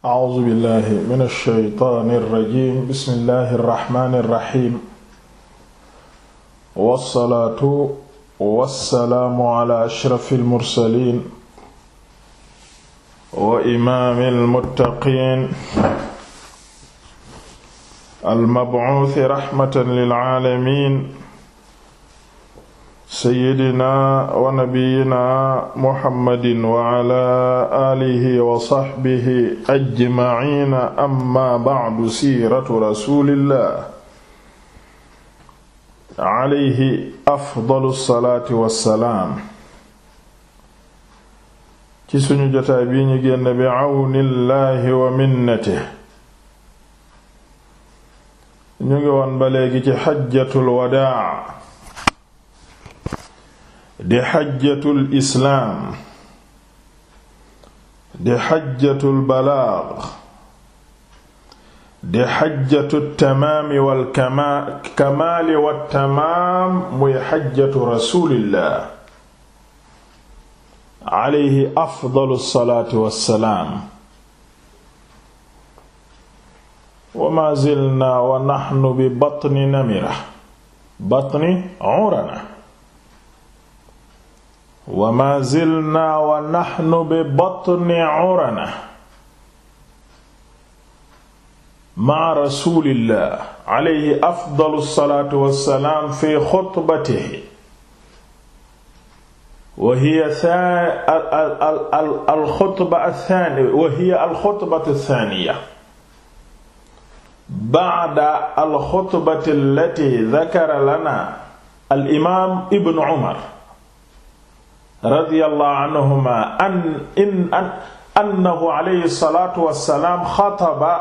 A'uuzu billaahi mina shaytaani rajiim bismillaahi rahmaani rahiim. Wassalaatu wassalaamu alaa ashrafil mursaliin. wa imaamil muttaqiin. al-mab'uusi rahmatan lil aalamiin. sayyidina wa nabiyina muhammadin wa ala alihi wa sahbihi ajmaina amma ba'du siiratu rasulillah alayhi afdalu salaati wassalaam ci suñu jotaay bii ñu génn bi awnillahi wa minnatihi ñu ngi woon ba léegi ci xajjatul wadaa di xajjatul islaam di xajjatul balaag di xajjatul tamaami wal kamaali wal tamaam muy xajjatu rasuulillah alayhi afdalu salaatu wa salaam. wa maa zilnaa wa naxnu bi batni namira batni urana wa ma zilna wa naxnu bi batni urana ma rasulillah alayhi afdalu salaatu wassalaam fi xutbatihi wa hiya alxutbatu thaaniya ba'da alxutbati allati dakara lana alimaam ibn Umar radiyallahu anhuma an in an annahu alayhi salaatu wa salaam xataba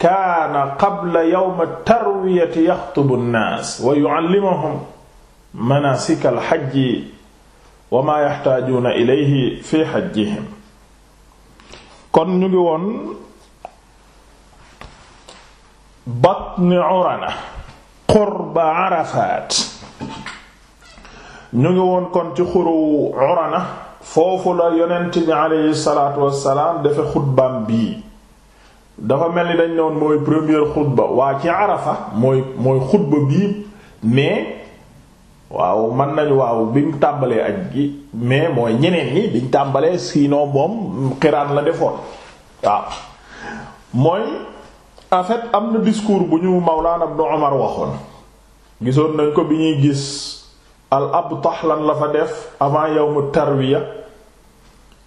kaana qabla yawmi tarwiyati yaxtubu nnaas wa yu'allimuhum manaasika alxajji wa maa yaxtaajuuna ilayhi fi xajjihim kon ñu ngi woon batni urana qurba arafaat ñu ngi woon kon ci xuru Urana foofu la yonent bi aleyhi salaatu wassalaam dafa xutbaam bii dafa mel ni dañ ne mooy première xutba waa ci Arafa mooy mooy xutba bii mais waaw mën nañu waaw bi mu tàmbalee aj gi mais mooy ñeneen ñi biñ tàmbalee sinon moom xiraan la defoon waaw mooy en fait am na discours bu ñu Mawlaana Ibnu Umar waxoon gisoon nañ ko bi ñuy gis al abtah la fa def avant yawmu tarwiya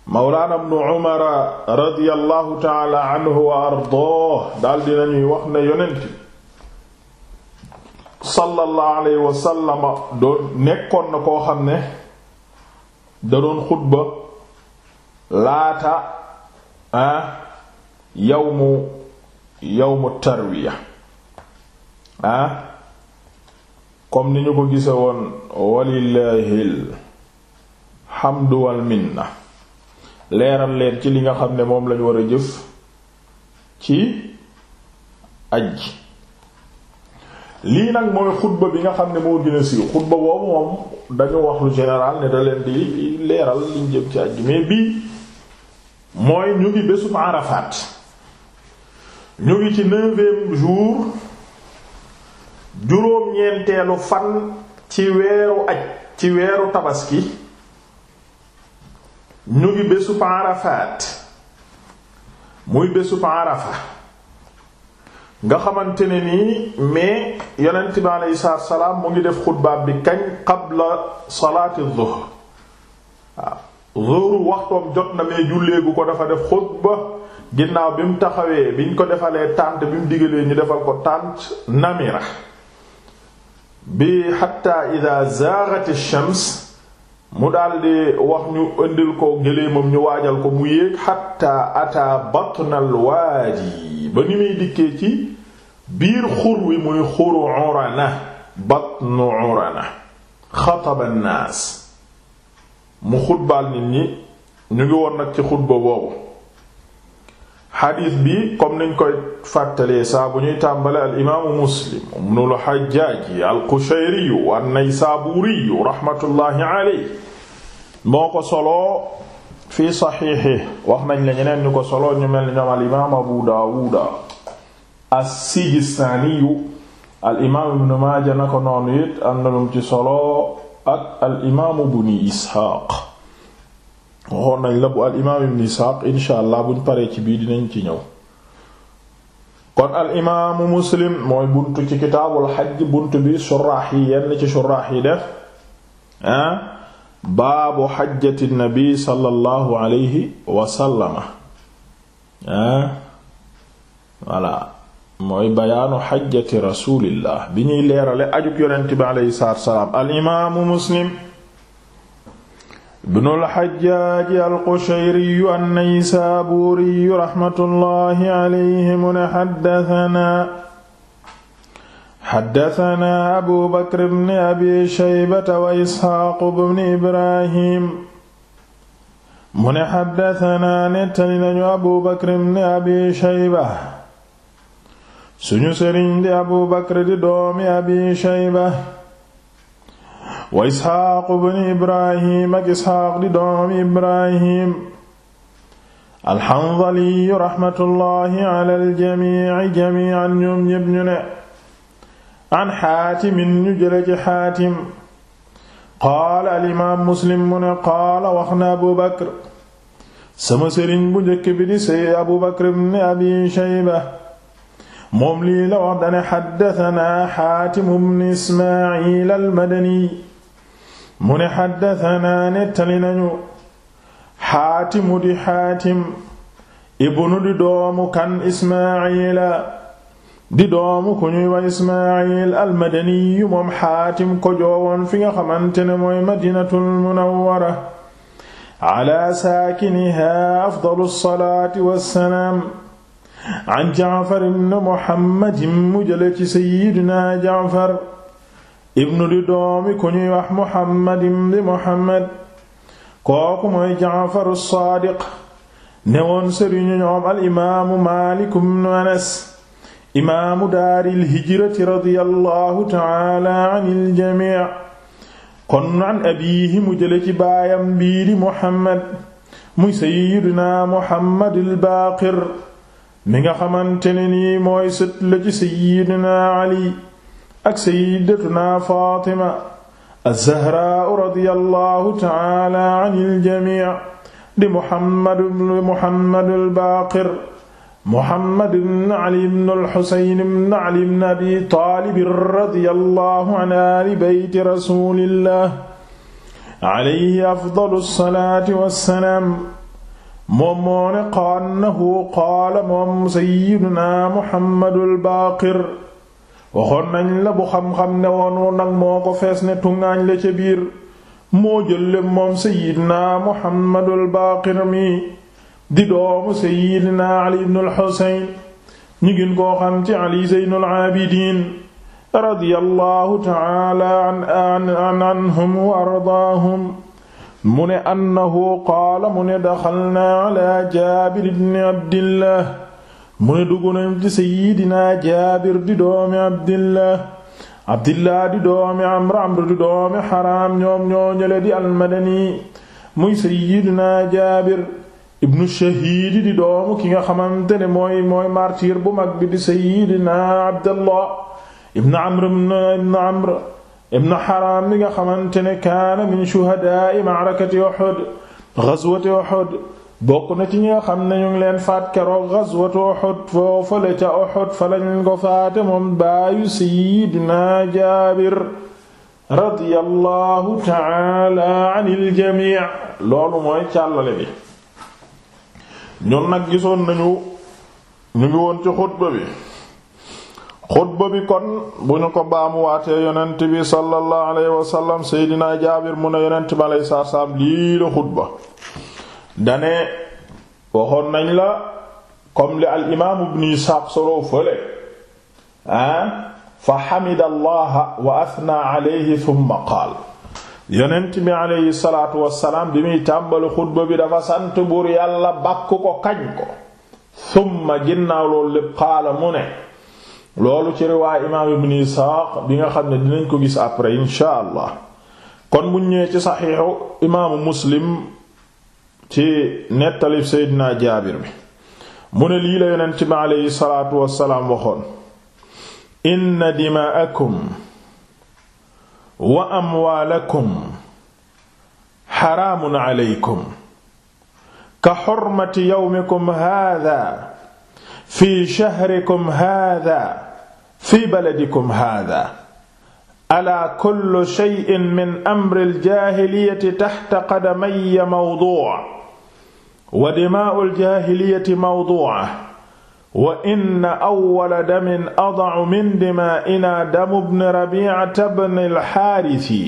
mawlaana ibnu umara radiyallahu taala anhu wa ardaah daal dinañuy wax ne yonent sallallahu alayhi wa sallam doon nekkoon na koo xam ne da doon xutba laata ah yawmu yawmu ah. comme ni ñu ko gise woon walillahil hamdu leeral leen ci li nga xam ne moom lañu war a jëf ci aj lii nag mooy xutba bi nga xam ne moo gën a siiw xutba boobu moom dañu wax lu général ne da di leeral liñ jëm ci aj mais bii mooy ñu ngi bésum Arafat ñu ngi ci neuvième jour juróom-ñeenteelu fan ci weeru aj ci weeru tabaski ñu ngi bésu Arafat muy bésu Arafa nga xamante ne nii mais yonent bi aleyhi salaatu wa salaam mu ngi def xutbaab bi kañ qabla salaati dhuhr waaw dhuhr waxtoom jot na mais julleegu ko dafa def xutba ginnaaw bi mu taxawee biñ ko defalee tànt bi mu digalee ñu defal ko tànt Namira bi xatta ida zaagat shams mu daldi wax ñu ëndil ko géléemam ñu waajal ko mu yéeg xatta ata batnal waadi ba ni muy dikkee ci biir xur wi muy xuru urana batnu urana xataba an-naas mu xutbaal nit ñi ñu ngi woon nag ci xutba boobu xadiis bi comme niñ koy fàttalee saa bu ñuy tàmbale al imaamu muslim ibnul xajjaaji al qushayriyu an naysaabuuriyu raxmatullaahi aley moo ko soloo fi saxiixi wax nañ la ñeneen ñu ko soloo ñu mel ni ñoom al imaam abu daawuda as sijistaaniyu al imaam ibnu maaja na ko noonu it am na lum ci soloo ak al imaamu buni isxaaq waxoon nañ la bu al imaam ibn Isxaaq insha allah buñ paree ci bii dinañ ci ñëw kon al imaamu muslim mooy buntu ci kitaabul xaj buntu bi suraax yi yenn ci suraax yi def ah baabu xajjati nabi sallallahu alayhi wa sallama ah, mooy bayaanu xajjati rasulillah bi ñuy leerale ajug yonent bi alayhi salaam al muslim. ibnu alxajjaaji alqushayriyu annaysaabuuriyu raxmatullahi alayhi mu ne xaddatanaa xaddatanaa abu bakr bni abi shaybata wa isxaaqu bni ibrahim mu ne xaddatanaa nettali nañu abu bakr bni abi shayba suñu sëriñ di abu bakr di doomi abi shayba wa isxaaq bnu ibrahim ak isxaaq di doomi ibrahim alxandaliyu raxmatullahi ala aljamici jamican ñoom ñépp ñu ne an xaatimin ñu jële ci xaatim qaala alimaam muslim mu ne qaala wax na abu bakr sama sëriñ bu njëkk bi di say abu bakr ibn abi shayba moom lii la wax dane xaddatanaa xaatim ibn ismail almadani mu ne xaddatanaa nettali nañu xaatimu di xaatim ibnu di doomu kan ismaila di doomu ku ñuy wa ismail almadaniyu moom xaatim ko joowoon fi nga xamante ne mooy madinatul munawwara ala saakiniha afdalu salaati wassalaam an jaafar ibn muhammad mu jële ci sayyidina jaafar ibnu di doomi ku ñuy wax muhammad ibn muhammad kooku mooy jaafaru saadiq newoon sëriñu ñoom al imaamu maalik ibnu anas imaamu daaril hijrati radiyallahu taala anil jamii kon an abiihi mu jële ci baayam bii di muhammad muy sayyidina muhammad al baaqir mi nga xamante ne nii mooy sët la ci sayyidina ali ak sayyidatuna Fatima az-Zahra radiyallahu ta'ala anil jamii' di Muhammad ibn Muhammad al-Baqir Muhammad ibn Ali ibn al-Husayn ibn Ali ibn Abi Talib radiyallahu an ahli bayti rasulillah alayhi afdalu salaati wa salaam moom moo ne qaannahu qaala moom sayyiduna Muhammad al-Baqir waxoon nañ la bu xam-xam ne woon nag moo ko fees ne tungaañ la ca biir moo jëlle moom sayidna Muhammadul Baaqir mi di doomu sayidna Ali ibn al-Husayn ñu gën koo xam ci Ali Zaynul Aabidiin ta'ala an anhum wa ardaahum mu ne annahu qaala mu ne daxalnaa ala Jaabir ibn Abdillah mu ne dugg nañ ci di doomi abdillah abdillah di doomi amr amr di doomi xaraam ñoom ñoo ñële di almadani muy sayyidina jaabir ibnu shahiidi di doomu ki nga xamante ne mooy mooy martir bu mag bi di sayyidina abdallah ibnu amr ibnu amr ibnu xaraam nga xamante ne kaana min shuhadaa'i ma'rakati uhud ghazwati uhud bokk na ci ñi xam ne ñu ngi leen faat keroog ghazwatu Uhud foofale ca Uhud fa lañ ko faate moom baayu sayyidina Jaabir radiyallahu ta'ala anil jamii loolu mooy càllale bi ñun nag gisoon nañu ñu ngi woon ci xutba bi xutba bi kon bu ñu ko baamuwaatee yonent bi sallallahu alayhi wa sallam sayyidina Jaabir mu ne yonent bi alayhi salaam lii la xutba dane waxoon nañ la comme li al imaam ibn Isxaaq soloo fële ah fa xamida allaha wa athna alayhi thumma qaal yonent bi aleyhi salaatu bi muy tàmbali xutba bi dafa sant buur yàlla bàkk ko kañ ko thumma ginnaaw loolu lépp qaala mu ne loolu ci riwaay imaam ibn Isxaaq bi nga xam ne dinañ ko gis après inshaa allah kon bu ñëwee ci saxiixu imaamu muslim ci nettalib seydina jaabir bi mu ne lii la yonent bi aleyhi salaatu wassalaam waxoon inna dimaakum wa amwaalakum xaraamun aleykum ka xormati yawmikum haadaa fi shahrikum haadaa fi baladikum haadaa alaa kullu shay'in min amri aljaahiliyati taxta qadamaya mawduu' wa dimaa'ul jaahiliyati mawduu'a wa inna awwala damin ada'u min dimaa'inaa damu bni rabii'ata bni al-haarisi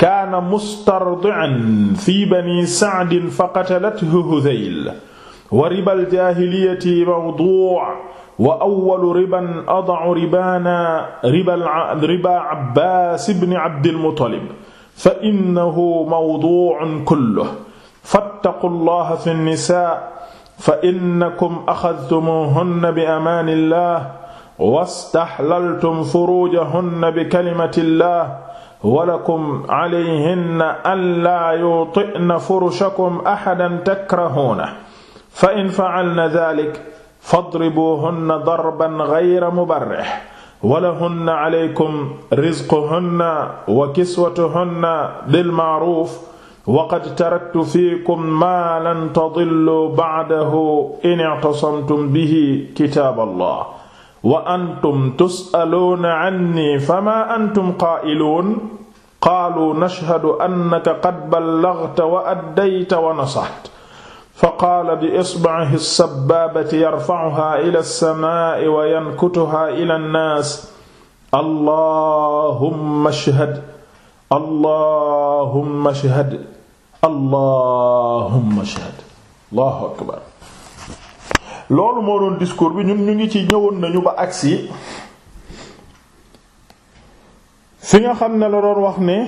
kaana mustardi'an fii banii sa'din faqatalathu hudayl wa ribal jaahiliyati mawduu'un wa awwalu riban ada'u ribaana ribaa Abbaas ibn Abdil Muttalib fa innahu mawduu'un kulluhu fattaqu llaha fi nnisaa fa innakum axadtumuhunna bi amaani illah wastaxlaltum furujahunna bi kalimati illah walakum calayhinna an laa yuti'na furushakum axadan takrahuunahu fa in facalna dalik fadribuuhunna darban gayra mubarrih walahunna calaykum rizquhunna wa kiswatuhunna bilmacruuf waqad taraktu fiikum maa lan tadillu ba'dahu in i'tasamtum bihi kitaab allah wa antum tus'aluuna anni famaa antum qaa'iluun qaaluu nashhadu annaka qad ballaghta wa addayta wa nasahta faqaala bi isba'ihi as-sabbaabati yarfa'uhaa ilaa as-samaa'i wa yankutuhaa ilaa an-naas allahumma ashhad allahumma ashhad allahumma shahad allahu akbar loolu moo doon discours bi ñun ñu ngi ci ñëwoon nañu ba agsi fi nga xam ne la doon wax ne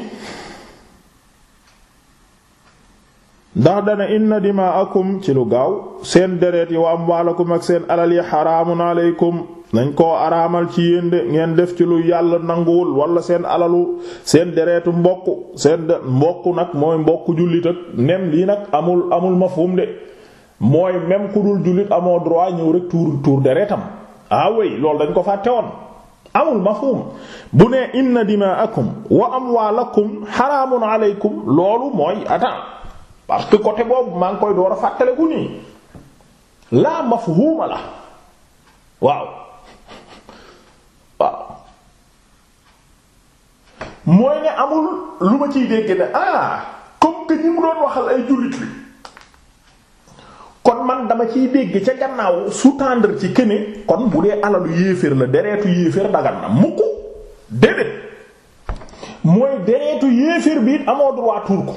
ndax dana inna dimaakum ci lu gaaw seen deret yi wa amwaalakum ak seen alal yi xaraamun aleykum nañ koo araamal ci yéen de ngeen def ci lu yàlla nanguwul wala seen alalu seen deretu mbokk seen mbokk nag mooy mbokku jullit ak lii nag amul amul mafhum de mooy même ku dul amoo droit ñëw rek tuur tuur deretam ah loolu dañ ko fàtte woon amul mafhum bu ne inna dimaakum wa amwaalakum xaraamun aleykum loolu mooy ata parce que côté boobu maa ngi koy door a fàttaliku nii laa mafhuma la waaw waaw mooy ne amul lu ma ciy dégg ne ah comme que ñi mu doon waxal ay jullit li kon man dama ciy dégg ca gannaaw su tendre ci këne kon bu dee alalu yéeféer la deretu yéeféer dagan na mukk déedéet mooy deretu yéeféer bi amoo droit tuur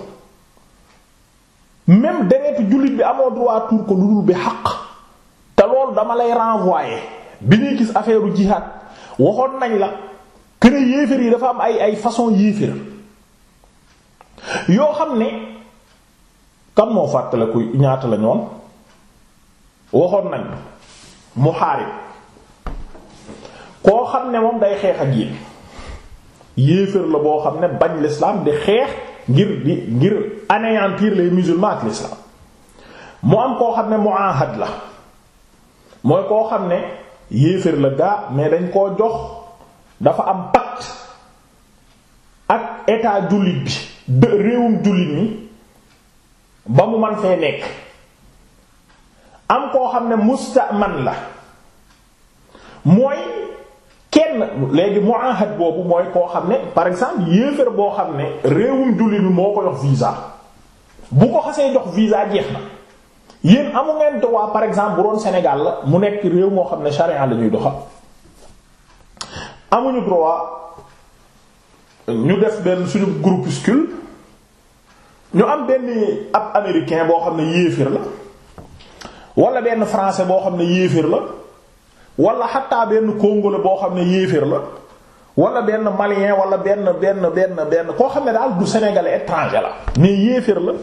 même deretu jullit bi amoo droit ko lu dul bi xaq te loolu dama lay renvoyer bi ñuy gis affaire u jihaad waxoon nañ la kër yéeféer yi dafa am ay ay façon yéeféer yoo xam ne kan moo fàttale ku ñaata la ñoon waxoon mu muhaarib koo xam ne moom day xeex ak yéen yéeféer la boo xam ne bañ l'islam di xeex ngir di ngir anéantir les musulmans ak l'islam mu am koo xam ne muahad la mooy koo xam ne yéeféer la gaa mais dañ koo jox dafa am pacte ak état jullit bi réewum jullit mi ba mu man fee nekk am koo xam ne mustaman la mooy kenn léegi muahad boobu mooy koo xam ne par exemple yéefar boo xam ne réewum jullit bi moo ko jox visa bu ko xasee jox visa jeex na yéen amu ngeen droit par exemple bu doon Sénégal la mu nekk réew moo xam ne charia la ñuy doxal amuñu droit ñu def benn suñu groupuscule ñu am benn ab américain boo xam ne yéefar la wala benn français boo xam ne yéefar la. wala xattaa benn congolais boo xam ne yéeféer la wala benn malien wala benn benn benn benn koo xam ne daal du sénégalais étranger la mais yéeféer la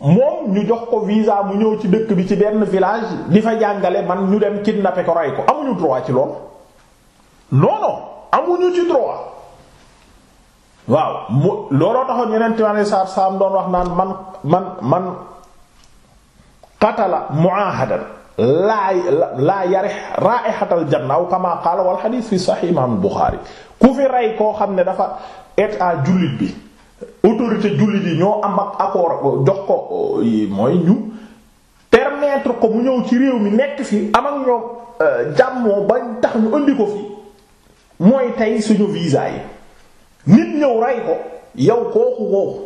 moom ñu jox ko visa mu ñëw ci dëkk bi ci benn village di fa jàngale man ñu dem kidnapper ko rey ko amuñu droit ci lool non non amuñu ci droit waaw mu looloo taxoon yeneen time saar saam doon wax naan man man man qatala muahadan laa laa yare raihatal janna aw kama qaala wal hadith fi sahih imam Bukhari ku fi rey koo xam ne dafa état jullit bi autorité jullit yi ñoo am ak accord jox ko mooy ñu permettre ko mu ñëw ci réew mi nekk fi am ak ñoom euh, jàmmoo ba tax ñu andi ko fi mooy tey suñu visa yi nit ñëw rey ko yow kooku kooku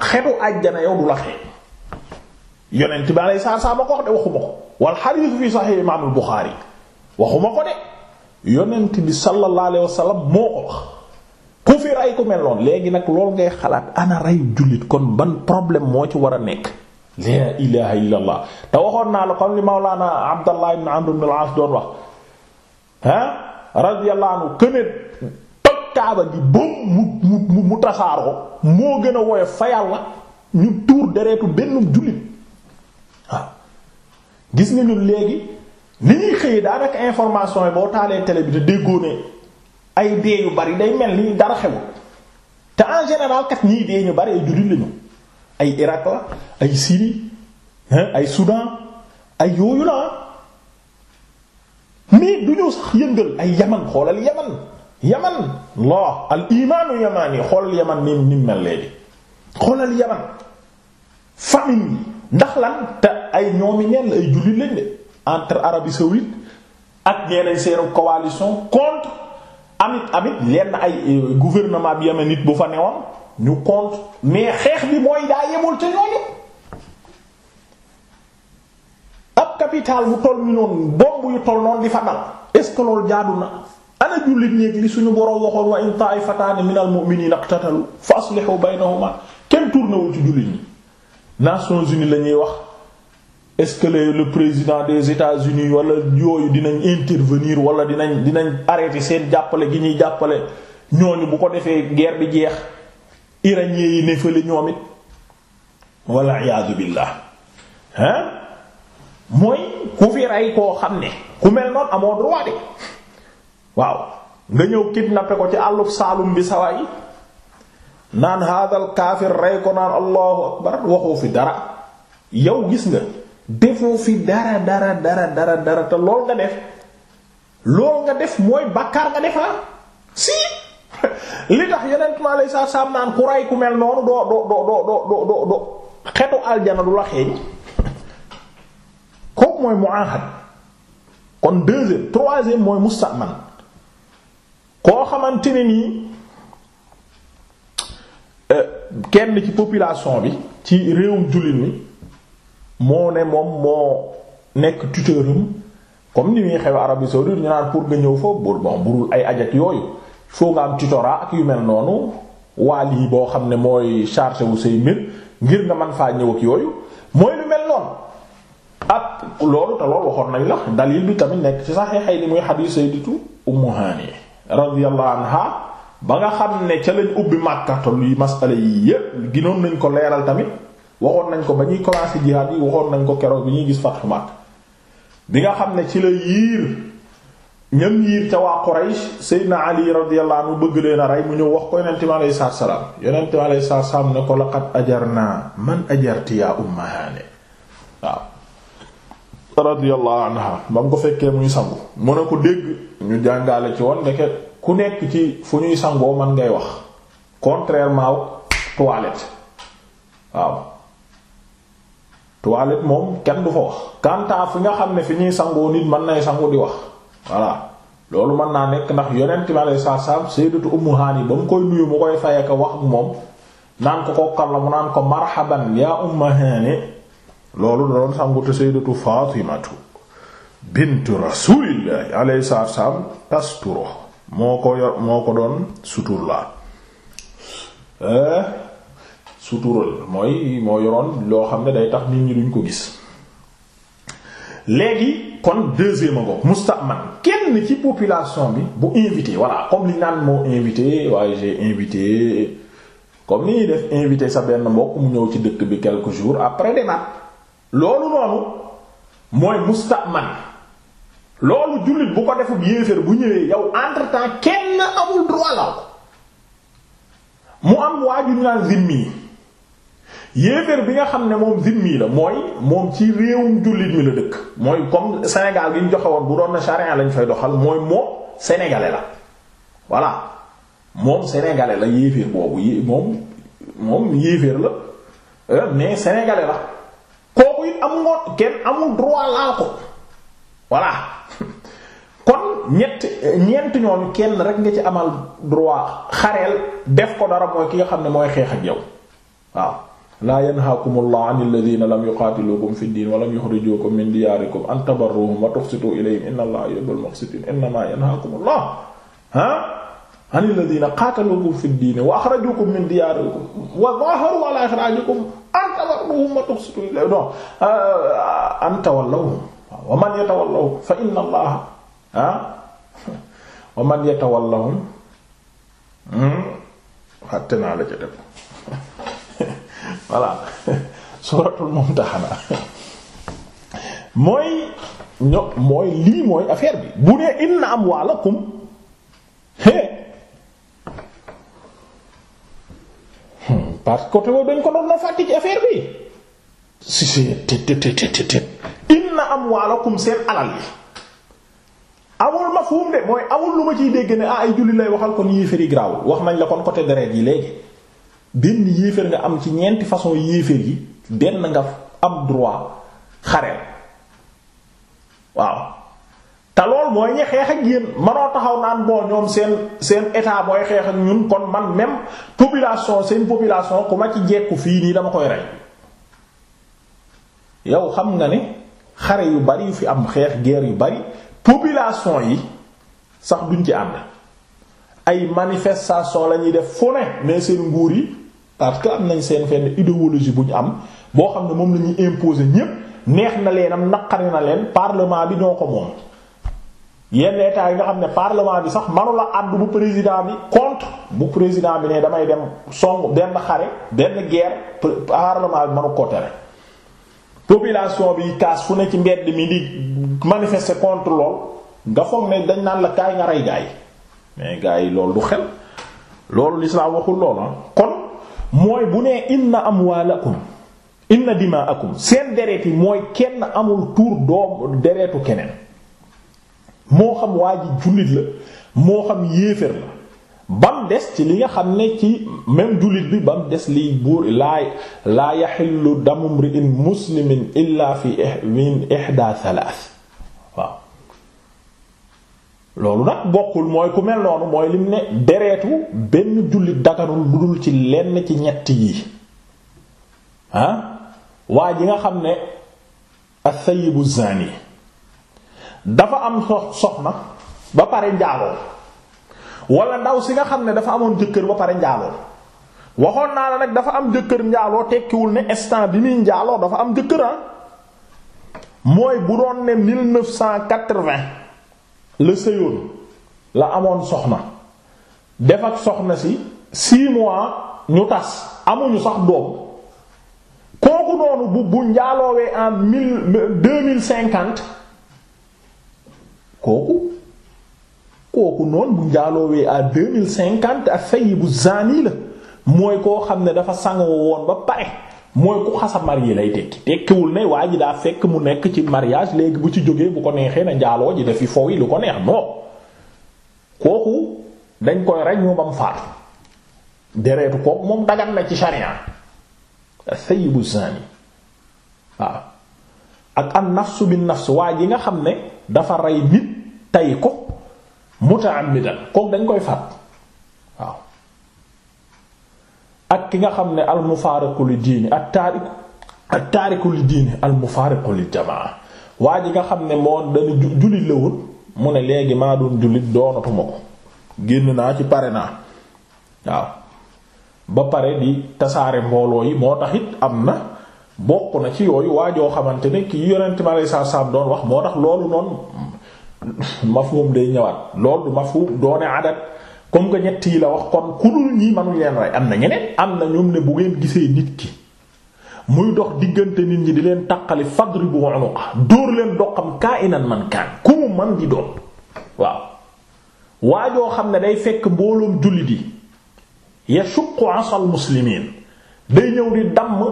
xetu àjjana yow du la xeeñ yonent bi alayhi salaatu salaam a ko wax de waxuma ko wal xadiis fi waxuma ko de yonent bi sallallahu alayhi wasallam moo ko wax ku fi rey ku mel noonu léegi nag loolu ngay xalaat ana reyu jullit kon ban problème moo ci war a nekk laa ilaha illallah te waxoon naa la comme li Mawlana Abdallah ibn Amr ibn al-As doon wax ah radiyallahu anhu këne toj kaaba gi boobu mu mu mu tasaaroo moo gën a woyof fa yàlla ñu tuur deretu benn jullit gis nga ñun léegi ni ñuy xëyee daanaka information yi boo taalee télé bi te déggoo ay dee yu bari day mel ni dara xewul te en général kat ñii dee ñu bari ay jullit lañu ay Irak ay Syrie ay Soudan ay yooyu la mais du ñu sax yëngal ay yaman xoolal yaman yaman loo al imaanu yamaan yi xoolal yaman ni ni mel léegi xoolal yaman famine ndax lan te ay ñoomi ñenn ay jullit lañ de entre Arabie saoudite ak ñeneen seen coalition contre amit amit lenn ay euh, gouvernement bi yame bu fa newoon ñu contre mais xeex bi mooy daa yemul ca ñooñu ab capital bu toll ni noonu bomb yu toll noonu di fa dal est-ce que loolu jaadu na ana jullit ñéeg li suñu boroom waxoon wa in ta'ifataani minal mu'minina iqtatalu fa aslihu baynahuma kenn tournéwul ci jullit ñi Nations Unies la ñuy wax est-ce que le président des États-Unis wala yooyu dinañ intervenir wala dinañ dinañ arrêter seen jàppale gi ñuy jàppale ñooñu bu ko defee guerre bi jeex iranien yi ne fële ñoom it walla iyaadu billaah hein mooy ku fi rey koo xam ne ku mel noonu amoo droit de waaw nga ñëw kidnappé ko ci àllu Saalum bi sawaay naan haadal kaafir rey ko naan allahu akbar waxoo fi dara yow gis nga defoo fi dara dara dara dara te lool nga def lool nga def mooy bàkkaar nga defaa ah. si li tax yeneen ma lay saam naan ku rey ku mel noonu doo doo doo doo doo doo doo xetu aljana du la xeeñ kooku mooy muahad kon deuxième troisième mooy musta'man koo xamante ne nii kenn ci population bi ci réewum jullit mi moo ne moom moo nekk tuteuram comme ni muy xew Arabie saoudite ñu naan pour nga ñëw fa bur bon burul ay ajak yooyu foo nga am tutorat ak yu mel noonu waal yi boo xam ne mooy chargé wu say mbir ngir nga man faa ñëw ak yooyu mooy lu mel noonu ak loolu te loolu waxoon nañ la dalil bi tamit nekk ci saxiix yi muy xadiis sayyidatu Ummu Haani radiyallahu anha ba nga xam ne ca lañ ubbi màkkatal yi masala yi yépp ginoon nañ ko leeral tamit waxoon nañ ko ba ñuy commencé jihaad yi waxoon nañ ko keroog bi ñuy gis fatxu Makka bi nga xam ne ci la yiir ñam yiir ca waa Quraysh Seydina Ali radiyallahu anhu bëgg leen a rey mu ñëw wax ko yonente mi sa salaatu salaam yonente mi alayhi salaatu salaam ne ko laqad ajarna man ajarti yaa Umma waaw radiyallahu anha ba ko fekkee muy sangu mu ne ko dégg ñu jàngale ci woon ku nekk ci fu ñuy sangoo man ngay wax contrairement toilette waaw toilette moom kenn du fa wax kantaa fi nga xam ne fi ñuy sangoo nit mën nay sangu di wax voilà loolu mën naa nekk ndax yonent bi alayhi salaatu salaam sayyidatu Ummu Haani ba mu koy nuyu mu koy fay ak wax moom naan ko kookal la mu naan ko marhaban yaa Ummu Haani loolu da doon sangu te sayyidatu Faatimatu bintu Rasuulillaahi alayhi salaatu tasturo moo ko yor moo ko doon sutur laa eh? sutural mooy moo yoroon loo xam ne day tax nit ñi duñ ko gis léegi kon deuxième ko ngoog musta'man kenn ci population bi bu invité walla comme li naan moo invité waaye j'ai invité comme ni ñuy def invité sa benn mbokk mu ñëw ci dëkk bi quelques jour après demaat loolu noonu mooy musta'man loolu jullit bu ko defub yéeféer bu ñëwee yow entre temps kenn amul droit la mu am waaju ñu naan zimmi yéeféer bi nga xam ne moom zimmi la mooy moom ci réewum jullit mi la dëkk mooy comme Sénégal gi ñu joxe bu doon na charia lañ fay doxal mooy moom sénégalais la voilà moom sénégalais la yéeféer boobu yé moom moom yéeféer la euh, mais sénégalais la kooku it amul kenn amul droit laal ko. voilà kon ñett ñeent ñoom kenn rek nga ci amal droit xareel def ko dara mooy ki nga xam ne mooy xeex ak yow waaw laa yanhaakumullahu anil ladina lam yuqatilukum fid din wa lam yukhrijukum min diyarikum an tabarruhum wa tuqsitu ilayhim inna allaha yuhibbul muqsitin innama yanhaakumullahu ha qatalukum fid din wa akhrajukum min diyarikum wa zaharu ala ikhrajikum an tabarruhum wa tuqsitu ilayhim an tawallawhum waaw wa man yatawallahum wa man yatawallahum xatte naa la ca dem voilà suratul mumtahana mooy ño mooy lii mooy affaire bi bu nee inna amwaalakum é hmm, parce que côté woo dañ ko doon na fàtte ci affaire bi si si tet tet amwaalakum seen alal yi amul mafhum de mooy amul lu ma ciy dégg ne ah ay julli lay waxal kon yéeféer yi garaawul wax nañ la kon côté deret yi léegi benn yéeféer nga am ci ñeenti façon yéeféer yi benn nga am droit xareel waaw te lool mooy ñi xeex ak yéen manoo taxaw naan boo ñoom seen seen état mooy xeex ak ñun kon man même population seen population ku ma ci jekku fii nii dama koy rey yow xam nga ni xare yu bari yu fi am xeex guerre yu bari population yi sax duñ ci ànd ay manifestation la ñuy def fu ne mais seen nguur yi parce que am nañ seen fenn idéologie bu ñu am boo xam ne moom la ñuy imposer ñépp neex na leen am naqari na leen parlement bi ñoo ko moom. yenn état yi nga xam ne parlement bi sax manu la àddu bu président bi contre bu président bi ne damay dem song benn xare benn guerre parlement bi manu ko tere population bi kaas fu ne ci mbedd mi di manifester contre lool nga foog ne dañ naan la kaay nga rey gaay mais gaay yi loolu du xel loolu lislaam waxul lool ah. kon mooy bu nee inna amwaalakum inna dimaakum seen deret yi mooy kenn amul tuur doom deretu keneen moo xam waa ji jullit la moo xam yéeféer la ba mu des ci li nga xam ne ci même jullit bi ba des liy buur laa laa yaxillu damu mri'in muslimin illa fi min ihda thalath waaw loolu nag bokkul mooy ku mel noonu mooy lim ne deretu benn jullit daganul lu dul ci lenn ci ñetti yi ah ji nga xam ne ak as-sayyibu yi dafa am soxna ba pare njaaloo wala ndaw si nga xam ne dafa amoon jëkkër ba pare njaaloo waxoon naa la nag dafa am jëkkër njaaloo tekkiwul ne instant bi muy njaaloo dafa am jëkkër ah. mooy bu doon ne 1980 la sëyoon la amoon soxna def ak soxna si 6 mois ñu tas amuñu sax doom kooku noonu bu bu njaaloowee en mil deux mille cinquante kooku kooku noonu bu njaaloowee à deux cinquante ak fayi bu zani la mooy koo xam ne dafa sangoo woon ba pare mooy ku xasa marié lay na waa ji daa fekk mu nekk ci mariage léegi bu ci jógee bu ko neexee na njaaloo ji dafi fow ko neex non kooku dañ koy rek ci sharia sayyibu zani waaw ak an nafsu bin nafs waa ji nga xam ne dafa rey nit tay ko mutaammidan kooku dañ koy faat waaw ak ki nga xam ne al mufaariqu li diini ak taariku ak taariku li diini al mufaariqu li jamaa waa ji nga xam ne moo dana jullit la woon mu ne léegi maa doon jullit doonatuma ko génn naa ci pare naa waaw ba pare di tasaare mbooloo yi moo tax it am na bokk na ci yooyu waajoo xamante ne kii yonent ma lay saa saam doon wax moo tax loolu noonu mafhum day ñëwaat loolu du mafhum doone adat comme que ñett yi la wax kon ku dul ñii mënuñ leen waaye am na ñeneen am na ñoom ne bu ngeen gisee nit ki muy dox diggante nit ñi di leen taqali fadribu unuqa dóor leen doqam kaa'inan man kaan ku mu man di doon waaw waajoo xam ne day fekk mbooloom jullit yi yashuqqu 'asal muslimiin day ñëw di damm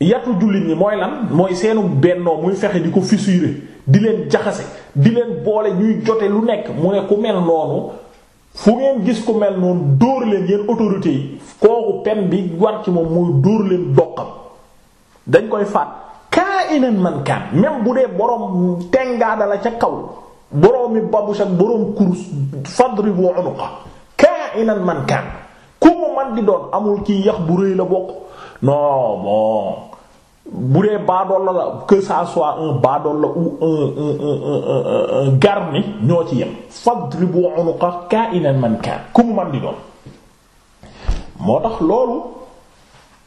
yatu jullit ñi mooy lan mooy seenu bennoo muy fexe di ko fissurer di leen jaxase di leen boole ñuy jote lu nekk mu ne ku mel noonu fu ngeen gis ku mel noonu dóor leen yéen autorité yi kooku pen bi war ci moom mooy dóor leen doqam dañ koy faat kaa inan man kaan même bu dee boroom tengaada la ca kaw boroomi babush ak boroom kurus fadribu unuqa kaa inan man kaan ku mu man di doon amul kii yax bu rëy la bokk non bu dee baadoolo la que ça soit un baadoolo garmi ñoo ci yem fadribu unuqa ka'inan man kan ku mu man di doon moo tax loolu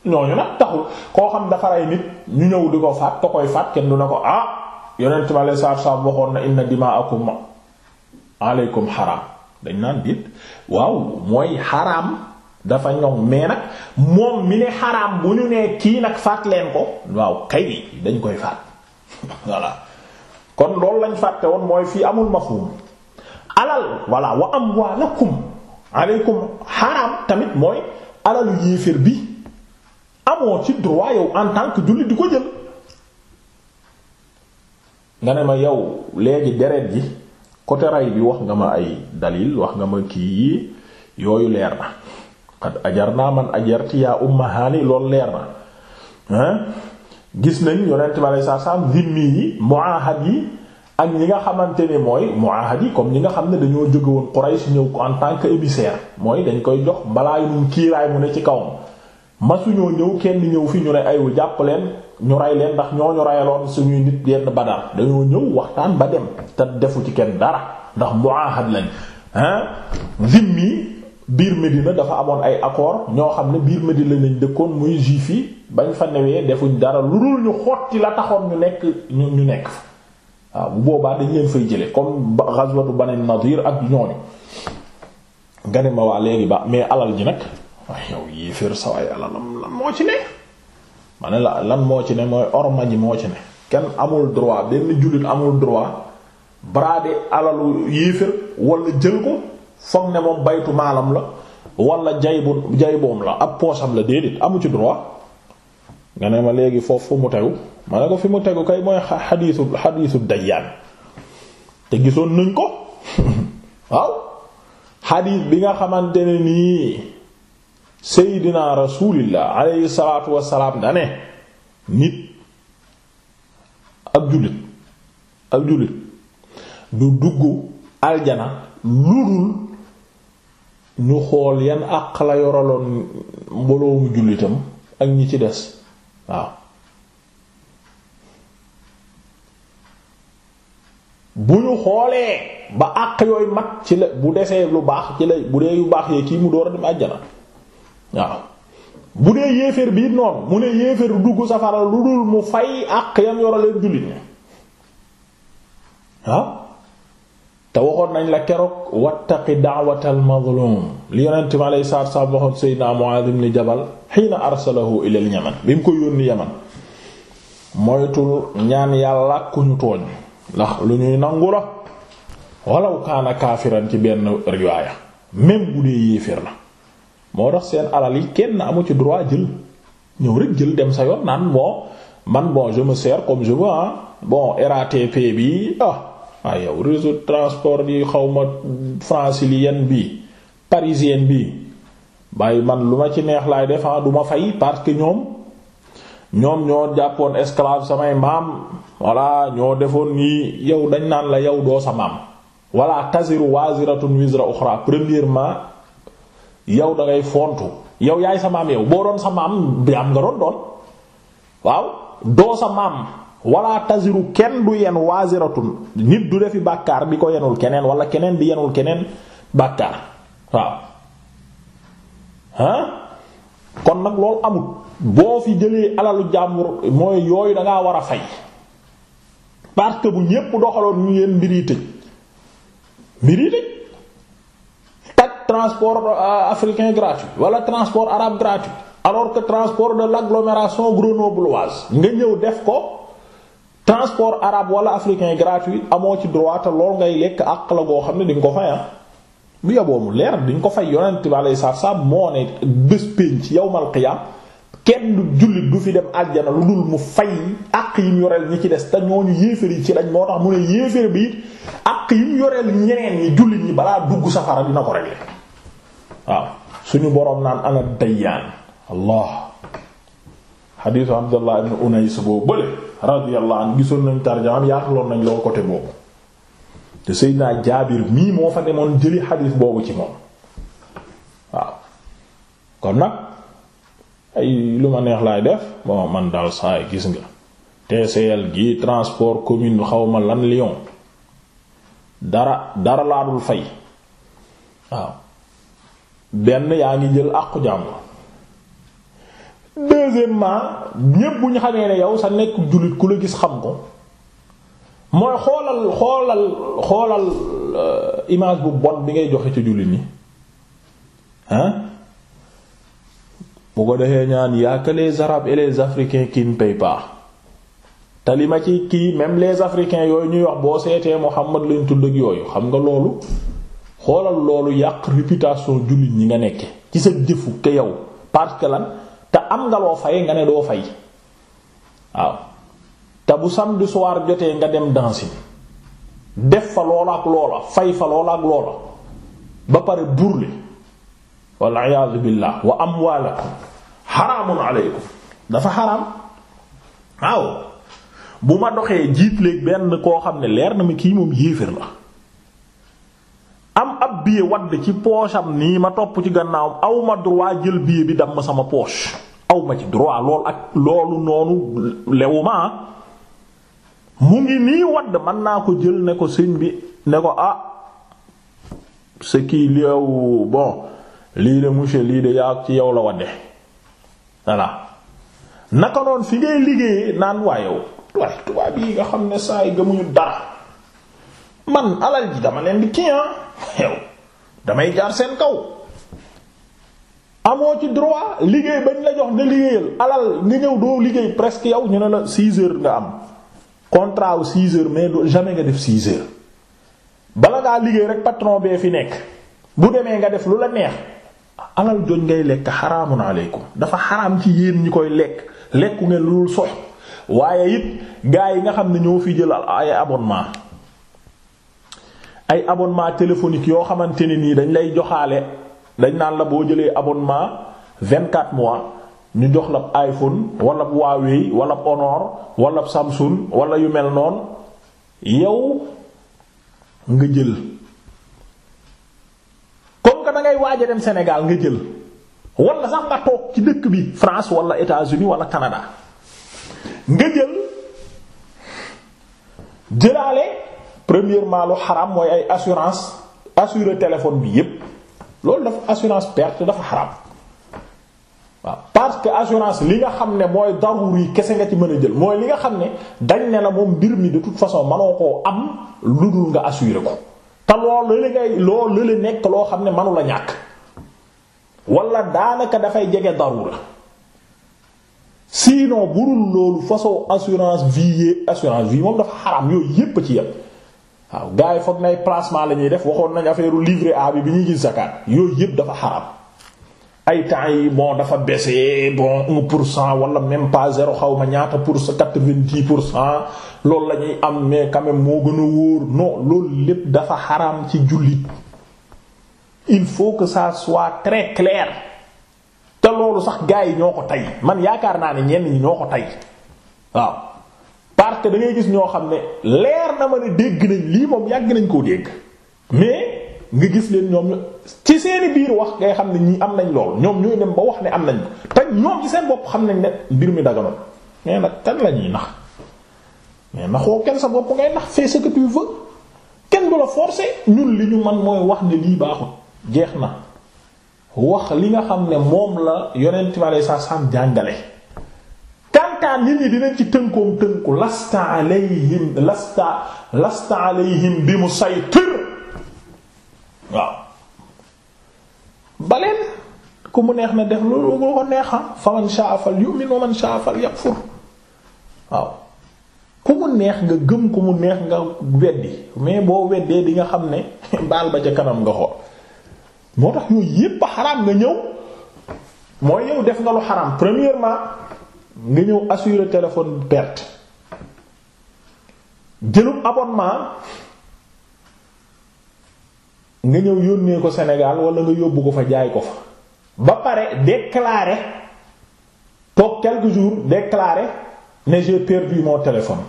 ñooñu nag taxul koo xam dafa rey nit ñu ñëw di ko faat te koy faat kenn du na ko ah yonent bi alei satu salaam waxoon na inna dima'akum aleykum xaraam dañ naan dit waaw mooy xaraam dafa ñoŋ mais nag moom mi ne xaraam bu ñu nee kii nag faat leen ko waaw kay dañ koy faat voilà kon loolu lañ fàtte woon mooy fii amul mafhum alal voilà wa amwaalakum aleykum xaraam tamit mooy alalu yéeféer bi amoo ci droit yow en tant que jullit di ko jël nga ne ma yow léegi deret ji côté ray bi wax nga ma ay dalil wax nga ma kii yii yooyu leer na qad ajarna man ajarti yaa umma haani loolu leer na gis nañ yonent bi aleyhi salaam zimmi yi muahad yi ak ñi nga xamante ne mooy muahad yi comme ñi nga xam ne dañoo jóge woon Quraysh ñëw ko en tant que émissaire mooy dañ koy jox balaa yu mu kiiraay mu ne ci kaw ma masuñoo ñëw kenn ñëw fi ñu ne aywa jàpp leen ñu ray leen ndax ñoo ñu reyaloon suñuy nit yenn Badar dañoo ñëw waxtaan ba dem te defu ci kenn dara ndax muahad lañ ah zimmi biir Medina dafa amoon ay accord ñoo xam ne biir Medina lañ dëkkoon muy juif yi bañ fa newee defuñ dara lu dul ñu xotti la taxoon ñu nekk ñu ñu nekk fa waaw bu boobaa dañ leen fay jële comme ghazwatu Bani Nadir ak ñooñu nga ne ma waa léegi ba mais alal ji nag waaye yow yii fër lan moo ci ne ma ne la lan moo ci ne mooy orma ji moo ci ne kenn amul droit benn jullit amul droit brader alalu yéefér wala jël ko foog ne moom baytu maalam la wala jaybu jayboom la ab poosam la déedéet amu ci droit nga ne ma léegi foofu mu tegu ma ne ko fi mu tegu kay mooy xadiisu xadiisu dayyaan te gisoon nañ ko waaw xadiis bi nga xamante ne nii seydinaa rasuulillah aleyhi salaatu wassalaam dane nit ab jullit ab jullit du dugg aljana lu dul ñu xool yan àq la yoraloon mbooloomu jullitam ak ñi ci des waaw bu ñu xoolee ba àq yooyu mat ci la bu desee lu baax ci la bu dee yu baax yee kii mu door a dem àjjana waaw bu dee yéeféer bi noonu mu ne yéeféer du dugg safara lu dul mu fay àq yam yoraleen jullit ñi waaw te waxoon nañ la keroog wattaqi da'watal mazlum li yonent bi alayhi salaatu wassalaam waxoon Seydina Mu'aaz ibn Jabal hiina arsalahu ilal yaman bi mu ko yónni yaman moytul ñaan yàlla ku ñu tooñ ndax lu ñuy nangu la walaw kaana kaafiran ci benn riwaaya même bu dee yéeféer moo tax seen alal yi kenn amu ci droit jël ñëw rek jël dem sa yoon naan bon man bon je me comme je veux ah bon RATP bi ah waa ah, yow réseau transport yi xawma francilienne bi parisienne bi bàyyi man lu ma ci neex laay def ah, du ma fay parce que ñoom ñoom ñoo jàppoon esclave samay maam walla ñoo defoon nii yow dañ naan la yow doo sa maam walla taziru waziratun wizra ukhra premièrement yow da ngay fontu yow yaay sa maam yow boo doon sa maam bi am nga doon doon waaw doo sa maam wala tasiru kenn du yen waziratun nit du defi bàkkaar bi ko yenul keneen wala keneen bi yenul keneen bàkkaar waaw ah kon nag loolu amul boo fi jëlee alalu jàmbur mooy yooyu dangaa war a fay parce que bu ñépp doxaloon ñu yéen mbir tëj mbir tëj tag transport euh, africain gratuit wala transport arabe gratuit alors que transport de l'agglomération grenobloise nga ñëw def ko transport arabe wala africain gratuit amoo ci droit te lool ngay lekk àq la goo xam ne di ko fay ah bu yaboo mu leer di nga ko fay yonent bi alayhi salaatu salaam moo ne bés pénc yawmal qiyaam kenn du jullit du fi dem àjjana lu dul mu fay àq yi mu yoreel ñi ci des te ñooñu yéefar yi ci lañ moo tax mu ne yéefar bi it àq yi mu yoreel ñeneen ñi jullit ñi balaa dugg safara dina ko régler waaw suñu boroom naan ana dayyaan allah xadiisu Abdallah ibn Unays boobu bële radiyallahu anhu gisoon nañu tarjamaam yaataloon nañ loo côté boobu te Seydina Jaabir mii moo fa demoon jëli xadiis boobu ci moom waaw kon nag ay lu ma neex laay def bon man daal saay gis nga TCL gi transport commune xawma lan Lyon dara dara laa dul fay waaw benn yaa ngi jël àqu jàmbur deuxièmement ñépp bu ñu xamee ne yow sa nekk jullit ku la gis xam ko mooy xoolal xoolal xoolal euh, image bu bon bi ngay joxe ci jullit ñi hein bu ko defee ñaan y'a que les arabes et les africains qui ne paient te li ma ci kii même les africains yooyu ñuy wax boo seetee Muhammad lañ tudd ak yooyu xam nga loolu xoolal loolu yàq réputation jullit ñi nga nekke ci sa jëfu ke yow parce lan te am nga loo fay nga ne doo fay waaw te bu samedi soir jotee nga dem dansi def fa loola ak loola fay fa loola ak loola ba pare burle walla iyaazu billaah wa amwaalakum xaraamun aleykum dafa xaraam waaw bu ma doxee jiitleeg benn koo xam ne leer na ma kii moom yéeféer la am ab billet wadd ci poche am ma topp ci gannaaw aw ma droit jël billet bi dam ma sama poche aw ma ci droit lool ak loolu noonu lewuma mu ngi nii wadd man naa ko jël ne ko sëñ bi ne ko ah ce qui léew bon lii de monsieur lii de yaa ci yow la wadde voilà naka noonu fi ngay liggéeyee naan waayow waaye tubaab yi nga xam ne saa yi gëmuñu dara man alal ji dama leen di kii ah. yow damay jaar seen kaw amoo ci droit liggéey bañ la jox nga liggéeyal alal nga ñëw doo liggéey presque yow ñu ne la 6 heures nga am contrat wu 6 heures mais doo jamais nga def 6 heures bala ngaa liggéey rek patron bee fi nekk bu demee nga def lu la neex alal joj ngay lekk xaraamun aleykum dafa xaraam ci yéen ñi koy lekk lekku ngeen lu sox waaye it gaa yi nga xam ne ñoo fi jël ay abonnement ay abonnement téléphonique yoo xamante ne nii dañ lay joxaale dañ naan la boo jëlee abonnement vingt-quatre mois ñu jox la ab iPhone wala ab Huawei wala ab Honor wala ab Samsung wala yu mel noonu yow nga jël comme que da ngay waaj dem Sénégal nga jël wala sax nga toog ci dëkk bi France wala États-Unis wala Canada nga jël jëlaale. premièrement lu xaram mooy ay assurance assurer téléphone bi yépp loolu dafa assurance perte dafa xaram waaw parce que assurance li nga xam ne mooy darur yi kese nga ci mën a jël mooy li nga xam ne dañ ne la moom mbir mi de toute façon manoo koo am lu dul nga assurer ko te loolu la ngay loolu la nekk loo xam ne manu la ñàkk wala daanaka dafay jege darura sinon burul loolu façon assurance vie assurance vie moom dafa xaram yooyu yépp ci yépp waaw gars yi foog nay placement la ñuy def waxoon nañ affaire livret A bi ñuy gis zakat yooyu yëpp dafa xaram ay temps yi bon dafa baissé bon un pour cent wala même pas zéro xaw ma ñaata pour cent quatre-vingt-dix pour cent loolu la ñuy am mais quand moo gën a wóor non loolu lépp dafa xaram ci jullit il faut que sa soit très clair te loolu sax gars yi ñoo ko tey man yaakaar naa ne ñenn yi ñoo ko tey waaw. parce que da gis ñoo xam ne leer na ma ne dégg nañ lii moom yàgg nañ koo dégg mais nga gis leen ñoom ci seeni biir wax ngay xam ne ñii am nañ lool ñoom ñooy dem ba wax ne am nañ ko te ñoom seen bopp xam nañ ne mbir mi daganoon mais nag kan la ñuy nax mais naxoo kenn sa bopp ngay nax fais ce que tu ñun li ñu man mooy wax ne lii baaxul jeex na wax li nga xam ne moom la yonent bi alayhi salaam jàngale. yaakaar nit ñi dinañ ci tënkoom tënku lasta alayhim lasta lasta alayhim bi musaytir waaw baleen ku mu neex na def loolu boo ko neexam fa man sha'a fal yu'min wa man sha'a fal yakfur waaw ku mu neex nga gëm ku mu neex nga weddi mais boo weddee di nga xam ne baal ba ca kanam nga xool moo tax yooyu yépp xaraam nga ñëw mooy yow def nga lu xaraam premièrement nga ñëw assurer téléphone perte jëlum abonnement nga ñëw yónnee ko Sénégal walla nga yóbbu ko fa jaay ko fa ba pare déclarer toog quelques jours déclarer ne j'ai perdu moo téléphone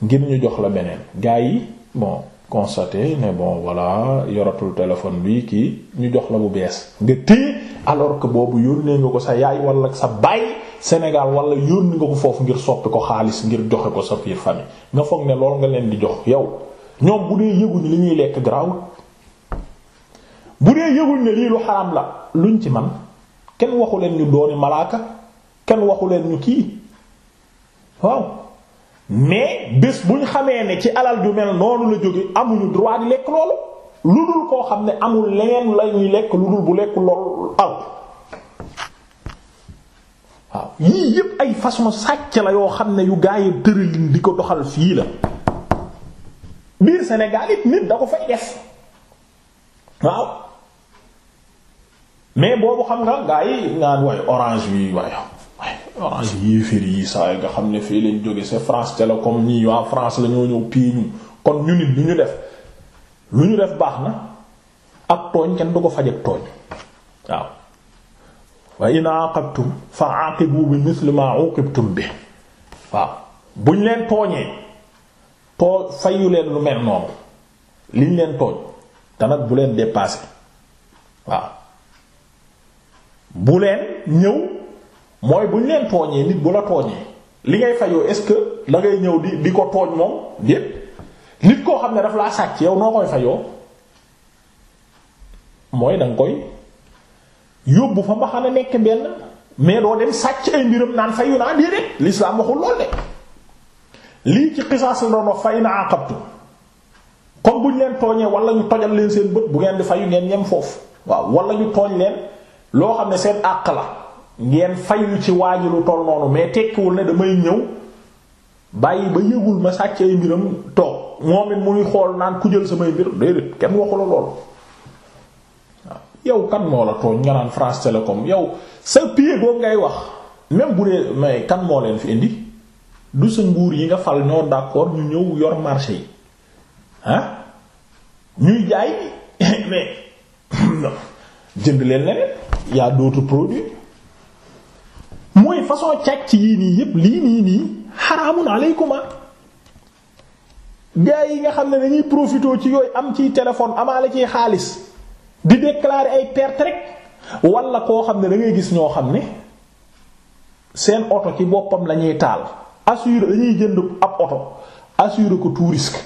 ngir ñu jox la beneen gars yi bon constaté ne bon voilà yoratul téléphone bi kii ñu jox la bu bees nga téye alors que boobu yónnee nga ko sa yaay wala sa baay Sénégal wala yónni nga ko foofu ngir soppi ko xaalis ngir joxe ko sa biir famille nga foog ne lool nga leen di jox yow ñoom bu dee yëguñ li ñuy lekk garaawul bu dee yëguñ ne lii lu xaram la luñ ci man kenn waxu leen ñu dooni malaaka kenn waxu leen ñu kii waaw. mais bés bu ñu xamee ne ci alal ju mel noonu la jóge amuñu droit di lekk loolu lu dul koo xam ne amul leneen la ñuy lekk lu dul bu lekk loolu aw yii yépp ay façon sàcc la yoo xam ne yu gaa yi gaay tëralin di ko doxal fii la biir Sénégal it nit da ko fay def waaw mais boobu xam nga gaa yi ngaan waaye orange bi waaye waaw yéeféer yi saa yi nga xam ne fii lañ jóge se France Télécom nii waa France la ñoo ñëw pii ñu kon ñu nit lu ñu def lu ñu def baax na ak tooñ kenn du ko faj tooñ waaw wa in aqabtum fa aqibu bi misli ma uqibtum bi waaw buñ leen tooñee too fayu leen lu mel noonu liñ leen tooñ te bu leen dépasser waaw bu leen ñëw mooy bu ñu leen tooñee nit bu la tooñee li ngay fayoo est-ce que la ñëw di di ko tooñ moom déet nit koo xam ne daf laa sàcc yow noo koy fayoo mooy danga koy yóbbu fa mbaxana nekk benn mais doo dem sàcc ay mbiram naan fayu naa déedéet l'islam waxul lool de lii ci xisaas la doon wax fay na àqabtu comme bu ñu leen tooñee wala ñu tojal leen seen bët bu ngeen di fayu ngeen yem foofu waaw walla ñu tooñ leen loo xam ne seen àq la. ngeen fayu ci waaji lu toll noonu mais tekkiwul ne damay ñëw bàyyi ba yëgul ma sàcc ay mbiram toog moom it muy xool naan ku jël samay mbir déedéet kenn waxu la lool. yow kan moo la tooñ nga naan France Télécom yow sa pied boobu ngay wax même bu dee mais kan moo leen fi indi du sa nguur yi nga fal ñoo d'accord ñu ñëw yor marché yi ah ñuy jaay mais jënd leen leneen y a d'autres mooy façon càcc yii nii yépp lii nii nii xaraamun alaykuma gaa yi nga xam ne dañuy profité ci yooyu am ciy téléphone la ciy xaalis di déclarer ay perte rek wala koo xam ne dangay gis ñoo xam ne seen oto ci boppam lañuy taal assuré dañuy jënd ab oto assuré ko tout risque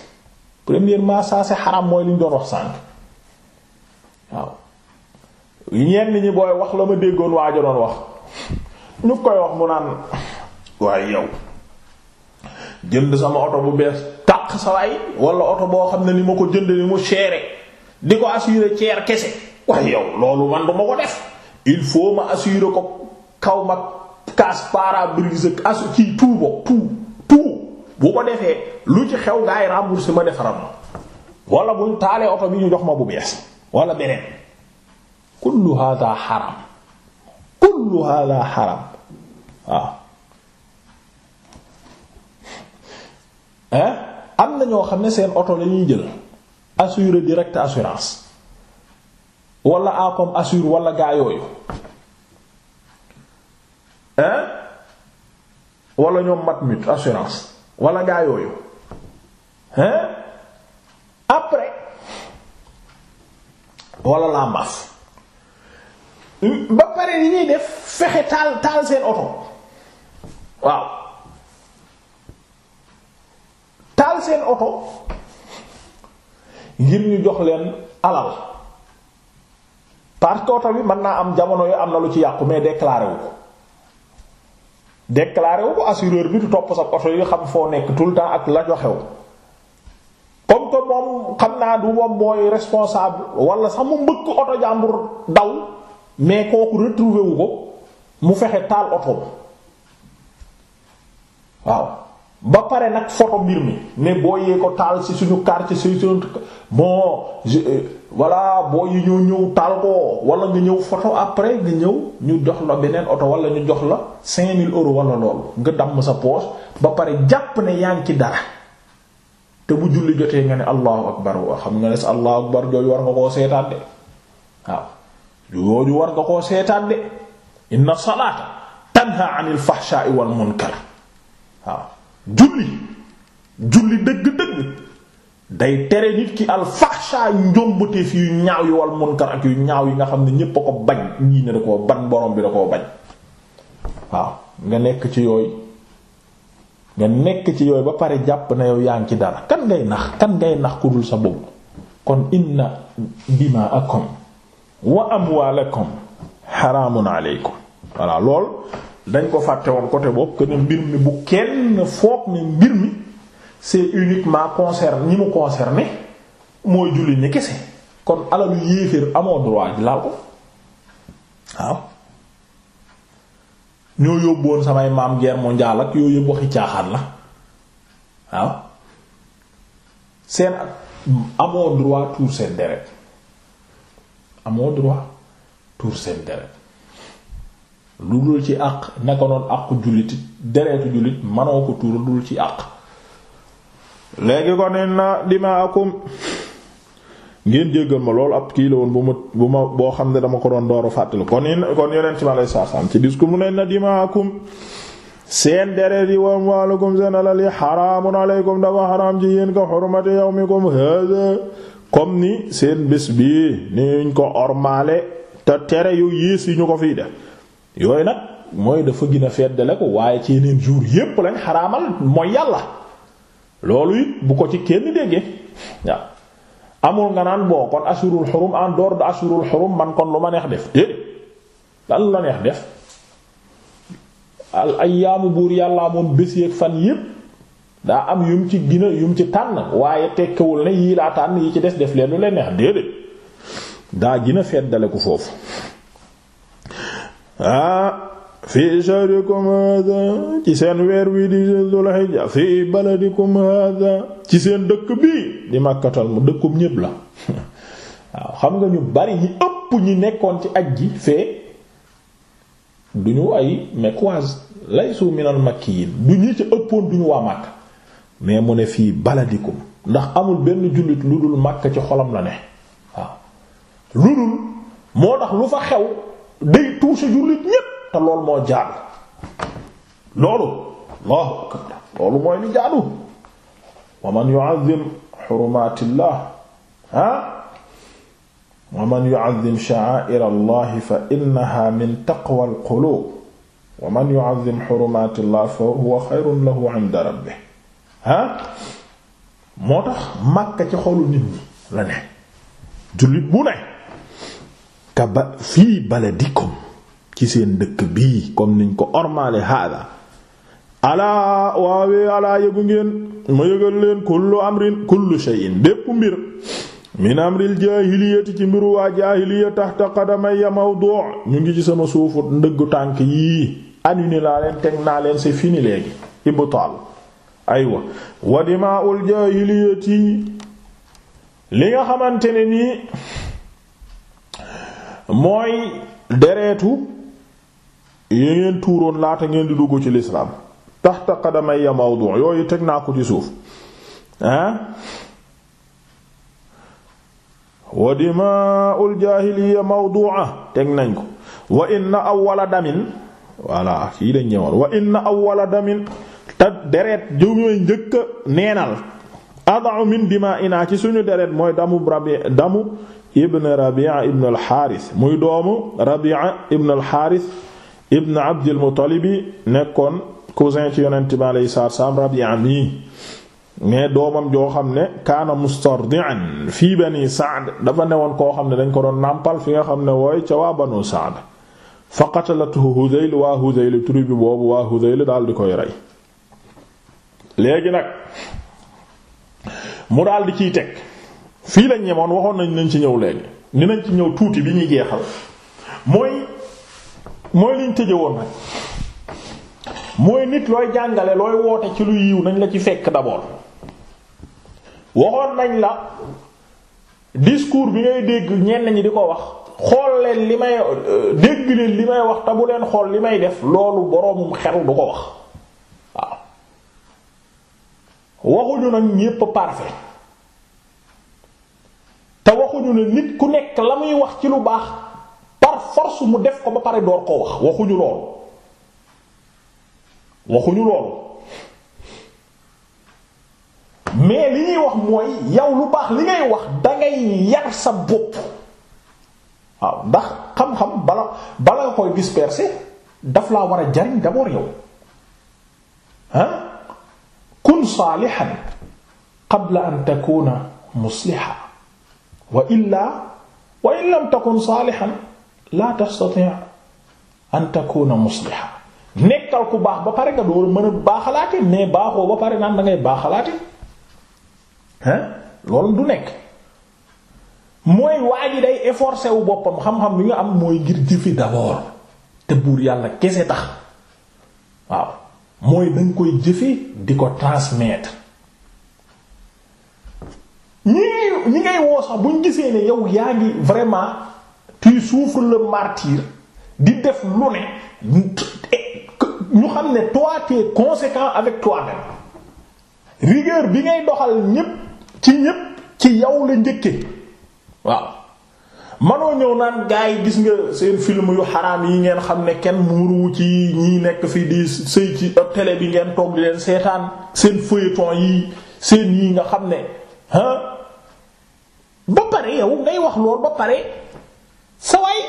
premièrement ça c'est xaram mooy li doon wax sànq waaw ñenn ñi booy wax la ma déggoon waajo doon wax ñu koy wax mu naan waaye yow jënd sama oto bu bees tàq sa waay wala oto boo xam ne ni ma ko jënd ni mu seere di ko assurer ceer kese waaye yow loolu man du ma ko def il faut ma assurer ko kaw ma casse pare-brise asu kii tout bo tout bu ko defee lu ci xew gaa yi rembourser ma defaram ma wala buñ taalee oto bi ñu jox ma bu bees walla beneen kullu hada haram kullu hada xaram waaw am na ñoo xam ne seen oto lañuy jël assurer direct assurance walla Acom assure walla gaa yooyu ah? wala ñoom Matmut assurance walla gaa yooyu ah? après wala laa ba pare ni ñuy def fexe taal taal seen oto waaw taal seen oto ngir ñu jox leen alal parce que oto bi mën naa am jamono yu am na lu ci yàqu mais déclaré wu ko déclaré ko assureur bi du topp sa oto yi xam foo nekk tout le temps ak la joxew comme que moom xam naa du moom mooy responsable wala sax mu mbëkk oto jàmbur daw mais kooku retrouvé wu ko mu fexe taal oto bi waaw ba pare nag photo mbir mi ne boo yee ko taal ci suñu quartier ci suñu bon euh, voilà boo yi ñoo ñëw taal ko walla nga ñëw foto après nga ñëw ñu jox la beneen oto wala ñu jox la 5000 euros wala loolu nga damm sa poche ba pare jàpp ne yaa ngi ci dara te bu julli jotee nga ne allahu akbar waa xam nga ne sa allahu akbar jooju war nga koo seetaat de waaw. yooyu war nga koo seetaan de inna salaata tanha anil fahsha'i wal munkar waaw julli julli dëgg-dëgg day tere nit ki al fahsha yu njombateef yu ñaaw yi wal munkar ak yu ñaaw yi nga xam ne ñépp a ko bañ ñii ne da koo ban borom bi da koo bañ waaw nga nekk ci yooyu nga nekk ci yooyu ba pare jàpp na yow yaa ngi ci dara kan ngay nax kan ngay nax ku dul sa bopp kon inna dimaakum wa amwaalakum xaraamun aleykum voilà lool dañ ko fàtte woon côté boobu que ne mbir mi bu kenn foog ne mbir mi c'est uniquement concerne ñi mu concerné mooy julli ni kese kon alalu yéeféer amoo droit ji laal ko waaw ñoo yóbboon samay maam guerre mondiale ak yooyu yëpp waxi caaxaan la waaw seen amoo droit tuur seen deret amoo droit tuur seen deret lu dul ci àq naka noon àqu jullit deretu jullit manoo ko tuur lu dul ci àq léegi kon inna dimaakum ngeen jéggal ma loolu ab kii la woon bu ma boo xam ne dama ko doon dooru fàttali kon kon yonent ma lay saasaan ci discours mu ne na dimaakum seen deret yi wa amwaalukum seen alal yi xaraamun aleykum dafa xaraam ci yéen ko xurmati yawmikum hada comme ni seen bés bii ni ñu ko ormaale te tere yu yées yi ñu ko fiy def yooyu nag mooy dafa gin a feddale ko waaye ci yeneen jour yépp lañ xaraamal mooy yàlla loolu it bu ko ci kenn déggee amul nga naan boo kon assurul xurum en dehors de xurum man kon lu ma neex def déedéet lan la neex def al ayyaamu buur yàlla moom bés yeeg fan yépp daa am yum ci gina yum ci tànn waaye tekkewul ne yii laa tànn yi ci des def leen lu leen neex déedéet daa gina feddale ko foofu ah fii shahrikum hada ci seen weer wi di dul hijja fii baladikum hada ci seen dëkk bii di màkkatal mu dëkkum ñépp la waaw xam nga ñu bari ñi ëpp ñi nekkoon ci aj ji fee duñu ay mekwaas laysu minal makkiyin du ñi ci ëppoon duñu waa Makka mais mu ne fii baladikum ndax amul benn jullit lu dul Makka ci xolam la ne waaw lu dul moo tax lu fa xew day toucher jullit ñépp te loolu moo jaadu loolu Allahu akbar loolu mooy li jaadu wa man yu'azzim xurumatillah ah Allah fa innaha min taqwa al-qulub wa man yu'azzim xurumatillah fa huwa xayrun ah moo tax Makka ci xolu nit ñi la ne jullit bu ne kaba fii baladikum ci seen dëkk bii comme niñ ko ormaale haada alaa waawee alaa yëgu ngeen ma yëgal leen kullu amrin kullu shay'in bépp mbir min amril jaahiliyati ci mbiru waa jaahiliya tahta qadamayya mawdu' ñu ngi ci sama suufu ndëggu tànk yii annulé laa leen teg naa leen c'est fini léegi ibtaal aywa wa dimaa'ul jaahiliyati li nga xamante ne nii mooy deretu yi ngeen tuuroon laata ngeen di dugg ci lislaam taxta qadamayya mawdu' yooyu teg naa ko ci suuf ah wa dimaa'ul jaahiliyya mawdu'a teg nañ ko wa inna awwala damin walla fii dañ ñëwoon wa inna awwala damin te deret ju ñooy njëkk neenal adau min dima ina ci suñu deret mooy damu rabi damu ibn rabia ibn alxaaris muy doomu rabia ibn alxaaris ibn abdil muttalibi nekkoon cousin ci yonent bi alayhi salaam rabia mi mais doomam joo xam ne kaana mustardi'an fii bani saad dafa newoon koo xam ne dañ ko doon nàmpal fi nga xam ne wooy ca waa banu saad fa qatalatuhu hudayl waa hudayl tribu boobu waa hudayl daal di koy rey léegi nag mu daal di ciy teg fii lañ ñemoon waxoon nañ nañ ci ñëw léegi dinañ ci ñëw tuuti bi ñuy jeexal mooy mooy liñ tëje woon nag mooy nit looy jàngale looy woote ci lu yiw nañ la ci fekk d'abord waxoon nañ la discours bi ngay dégg ñenn ñi di ko wax xool leen li may euh, dégg leen li may wax te bu leen xool li may def loolu boroomu xel du ko wax waxuñu nag ñépp parfait te waxuñu ne nit ku nekk la muy wax ci lu baax par mu def ko ba pare door koo wax waxuñu loolu waxuñu loolu mais li ñuy wax mooy yow lu baax li ngay wax dangay yar sa bopp waaw ndax xam-xam bala bala nga koy disperser daf la war a jariñ d'abord yow saalihan qabla an takuna musliha wa la wa in lam takun saalihan la tastati' an takuna musliha nekkal ku baax ba pare nga door mën a baaxalaate mais baaxoo ba pare naan da ngay baaxalaate hein loolu du nekk mooy waa day efforcé wu boppam xam-xam bi nga am mooy ngir jëfi d'abord te buur yàlla kese tax mooy dañ koy jëfe di ko transmettre ñi ñi ngay woo sax buñ gisee ne yow yaa ngi vraiment tu souffres le martyre di def lu ne ñu xam ne toi tu es conséquent avec toi-même bi ngay doxal ñépp ci ñépp ci yow la njëkke waaw manoo ñëw naan gaa yi gis nga seen film yu xaraam yi ngeen xam ne kenn muuru ci ñi nekk fi di sëy ci télé bi ngeen toog leen seetaan seen feuilleton yi seen yi nga xam ne ah ba pare yow ngay wax lool ba pare sa waay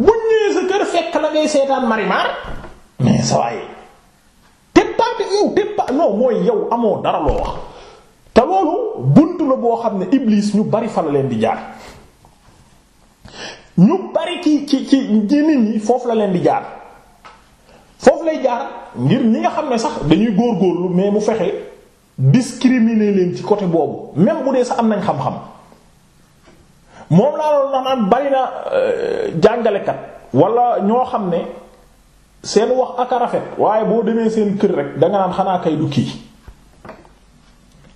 buñ sa kër fekk la ngay seetaan marimar mais sa waay départ bi yow mooy yow amoo dara loo wax te loolu bunt la boo xam ne iblis ñu bari fa la leen di jaar. ñu bari ci ci ci nit ñi foofu la leen di jaar foofu lay jaar ngir ñi nga xam ne sax dañuy góor góorgóorlu mais mu fexe discriminer leen ci côté boobu même bu dee sax am nañ xam-xam moom laa loolu na naan bari euh, jàngalekat wala ñoo xam ne seen wax ak rafet waaye boo demee seen kër rek danga naan xanaa kay du kii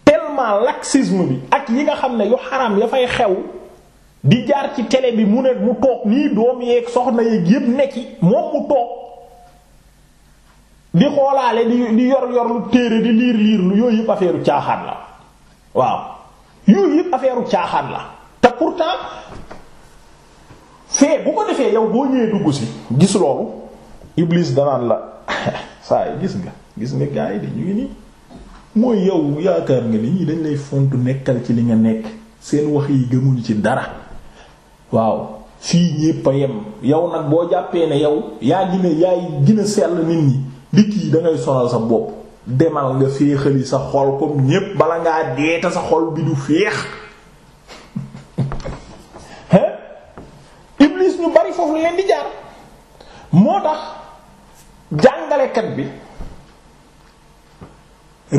tellement laxisme bi ak yi nga xam ne yu xaram ya fay xew di jaar ci télé bi mu ne mu toog nii doom yeeg soxna yeeg yëpp nekki moom mu toog di xoolaale di di yor yor lu téere di liir liir lu yooyu yëpp affaire caaxaan la waaw yooyu yépp caaxaan la te pourtant fee bu ko defee yow boo ñëwee dugg si gis loolu Iblis danaan la saa yi gis nga gis nga gars yi dañuy nii mooy yow yaakaar nga ni ñii dañ lay fontu nekkal ci li nga nekk seen wax yi gëmuñu ci dara. waaw fii ñépp a yem yow nag boo jàppee ne yow yaa gina yaay gina sell nit ñi di kii da ngay sonal sa bopp demal nga féexali sa xol comme ñépp bala ngaa deeta sa xol bi du féex iblis ñu bari foofu leen di jaar moo tax jàngalekat bi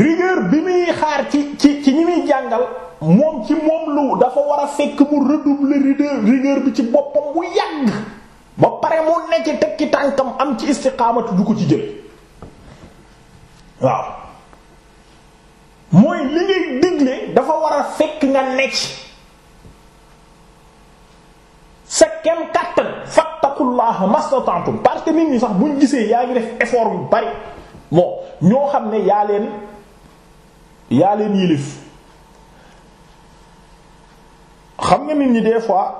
rigueur bi muy xaar ci ci ci ñi jàngal moom ci moom lu dafa war a fekk mu redoubler rigueur rigueur bi ci boppam bu yàgg ba pare mu nekk tekki tànkam am ci istiqaamatu du ko ci jël waaw mooy li ngay digle dafa war a fekk nga nekk sa kem kàttan fattakullaha mastata'tum parce que nit ñi sax buñ gisee yaa ngi def effort yu bari bon ñoo xam ne yaa leen yaa leen yilif xam nga nit ñi des fois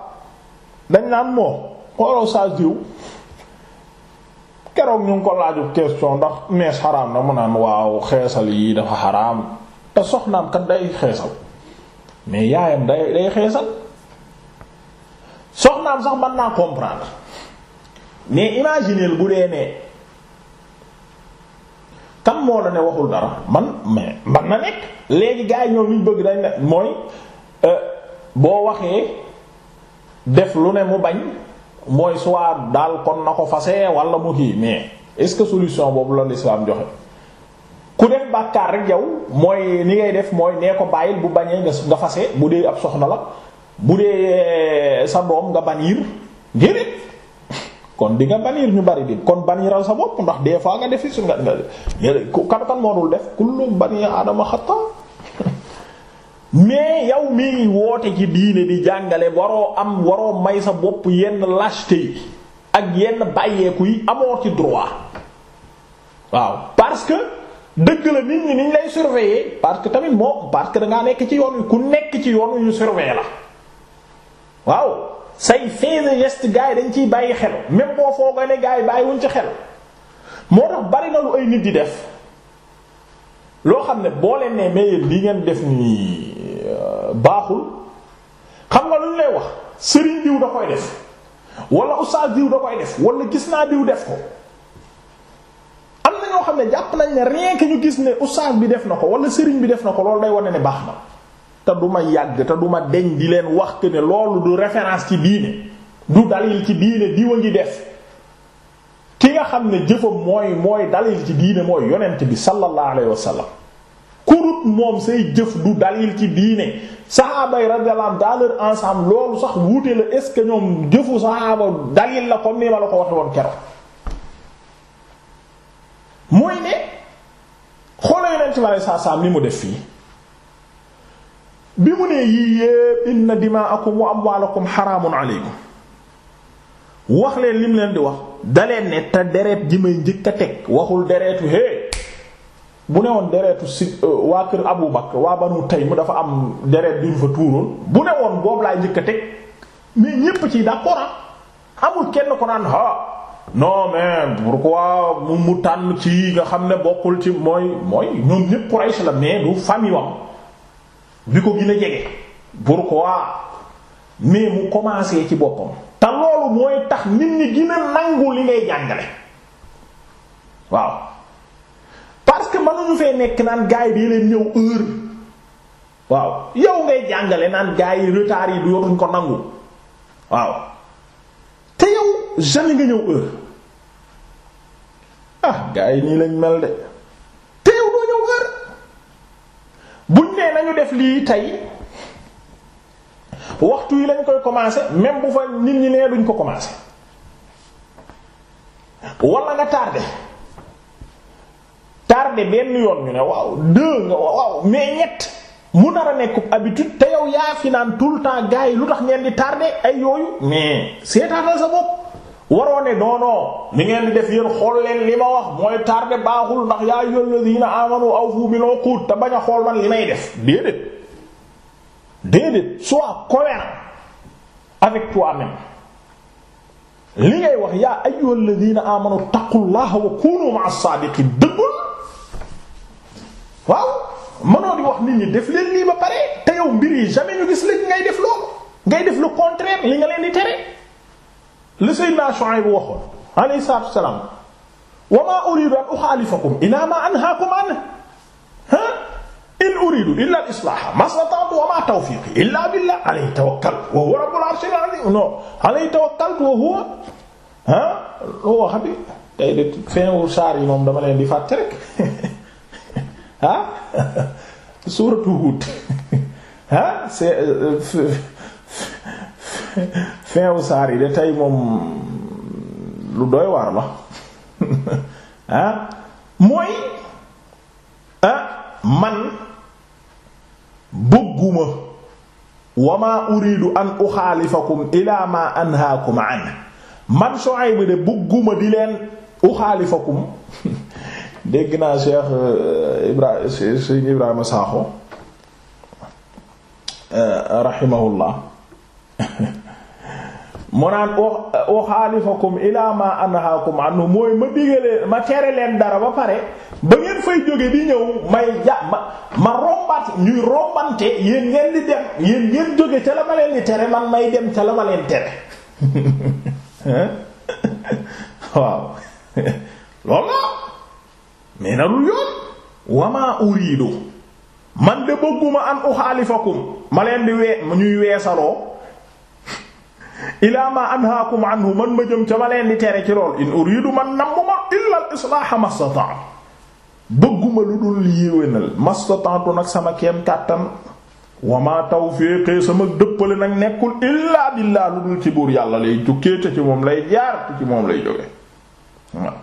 dañ naan moo xoolal saa diw keroog ñu ngi ko laaju question ndax mees xaraam na mu naan waaw xeesal yi dafa xaraam te soxnaam kat day xeesal mais yaayam day day xeesal soxnaam sax mën naa comprendre mais imaginer bu dee ne kan moo la ne waxul dara man mais man na nekk léegi gars yi ñoom ñu bëgg dañ mooy. Euh, boo waxee def lu ne mu bañ mooy soit daal kon na ko fase walla mu kii mais est-ce que solution boobu la l'islam joxe ku def bàkkaar rek jaw mooy ni ngay def mooy nee ko bàyyil bu bañee nga fase bu dee ab soxna la bu dee eh, sa doom nga baniir génét kon di nga baniir ñu bari di kon baniiral sa bopp ndax des fois nga defi su nga nga kan moo dul def kullu bani aadama xata mais yow mii woote ci diine di jàngale waroo am waroo may sa bopp yenn lâcheté yi ak yenn bàyyeeku yi amoo ci droit waaw parce que dëgg la nit ñi niñ lay surveiller parce que tamit moo parce que dangaa nekk ci yoon wi ku nekk ci yoon wi ñu surveiller la waaw say faits et gestes gars dañ ciy bàyyi xel même boo foogoo ne gars yi bàyyiwuñ ci xel moo tax bari na lu ay nit di def loo xam ne boo leen ne mais yéen li ngeen def nii. baaxul xam nga lu ñu lay wax sëriñ diw da koy def wala ustaas diw da koy def wala gis naa diw def ko am na ñoo xam ne jàpp nañ ne rien que ñu gis ne ustaas bi def na ko wala sëriñ bi def na ko loolu day wane ne baax na te du ma yàgg te du ma deñ di leen wax que ne loolu du référence ci diine du dalil ci diine diwa ngi def ki nga xam ne jëfam mooy mooy dalil ci diine mooy yonent bi sallallahu alayhi wa kurut moom say jëf du dalil ci diine saxaaba yi radiyallahu anhum ensemble loolu sax wuute la est ce que ñoom jëfu saxaaba dalil la comme ni ma la ko waxe woon keroog mooy ne xoola yonent bi alei sat salaam mu def fii bi mu ne yii yépp inna dimaakum wa amwaalakum xaraamun aleykum wax leen lim leen di wax daleen ne te deret ji may njëkk a teg waxul deretu hé bu ne woon deretu si euh, waa kër Abu Bakr waa Banu Taym dafa am deret duñ fa tuuroon bu ne woon boobu laay njëkk a teg mais ñépp ci d'accord ah, amul kenn ko naan ha ah, non mais pourquoi mu mu tànn ci nga xam ne bokkul ci mooy mooy ñoom ñépp Quraysh la mais du famille wam bi ko gën a jege pourquoi mais mu commencé ci boppam te loolu mooy tax nit ñi gën a nangu li ngay jàngale waaw parce que mënuñu fee nekk naan gaay bi leen ñëw heure waaw yow ngay jàngale naan gaay yi retard yi du yotuñ ko nangu waaw te yow jamais nga ñëw heure ah gaay yi nii lañ mel de te yow doo ñëw heure buñ nee nañu def lii tey waxtu yi lañ koy commencer même bu fa nit ñi nee duñ ko commencer wala nga tardé. tardé benn yoon ñu ne waaw deux waaw mais ñett mu nar a nekk habitude te yaa fi naan tout le temps gars lu tax ngeen di tardé ay yooyu mais seetaatal sa waroo ne non li ngeen di def yéen xool leen li ma wax mooy tardé baaxul ndax yaa ayyuhal ladina amanu awfu bil uqud te bañ a xool man wax yaa waaw mënoo di wax nit def leen lii ba pare te yow mbir yi jamais ñu ngay def loolu ngay def le contraire li nga leen di tere li Seydina Shuayb bu waxoon alayhi salaatu wassalaam wa maa uriidu an uxaalifakum ilaa maa anhaakum anhu in uriidu illaa al-islaaha maa istata'tu wa maa tawfiiqii illaa billaah alayhi tawakkaltu wa huwa rabbul arshil aziim non alayhi tawakkaltu wa huwa ah loo wax bi tey de fin wu saar yi moom dama leen fàtte ah suuratu Hud ah c'est fin wu saar yi de tey moom lu doy waar la ah mooy ah man bëgguma wa maa uridu an uxaalifakum ilaa maa anhaakum an man Shuayb de bëgguma di leen uxaalifakum dégg naa Cheikh euh, Ibrahima Cheikh Ibrahima Sakho euh, rahimahullah mu naan uxaalifakum ilaa ma anhaakum mooy ma digalee ma tere leen dara ba pare ba ngeen fay jóge di ñëw may ja ma ma rombat ñuy rombante yéen ngeen di dem yéen ngeen jóge ca la ma leen di tere man may dem ca la ma leen tere waaw loolu mais narul yoon wama uridu man de bëgguma an uxaalifakum ma leen di wee ñuy weesaloo ilaa ma anhaakum anhu man ma jëm ca ma leen di tere ci lool in uridu man nammuma illa al islaaha mastata bëgguma lu dul yéwénal mastata'tu nag sama kem kàttan wama tawfiqi sama dëppale nag nekkul illaa billaa lu dul ci buur yàlla lay jukkee te ci moom lay jaar te ci moom lay jóge waaw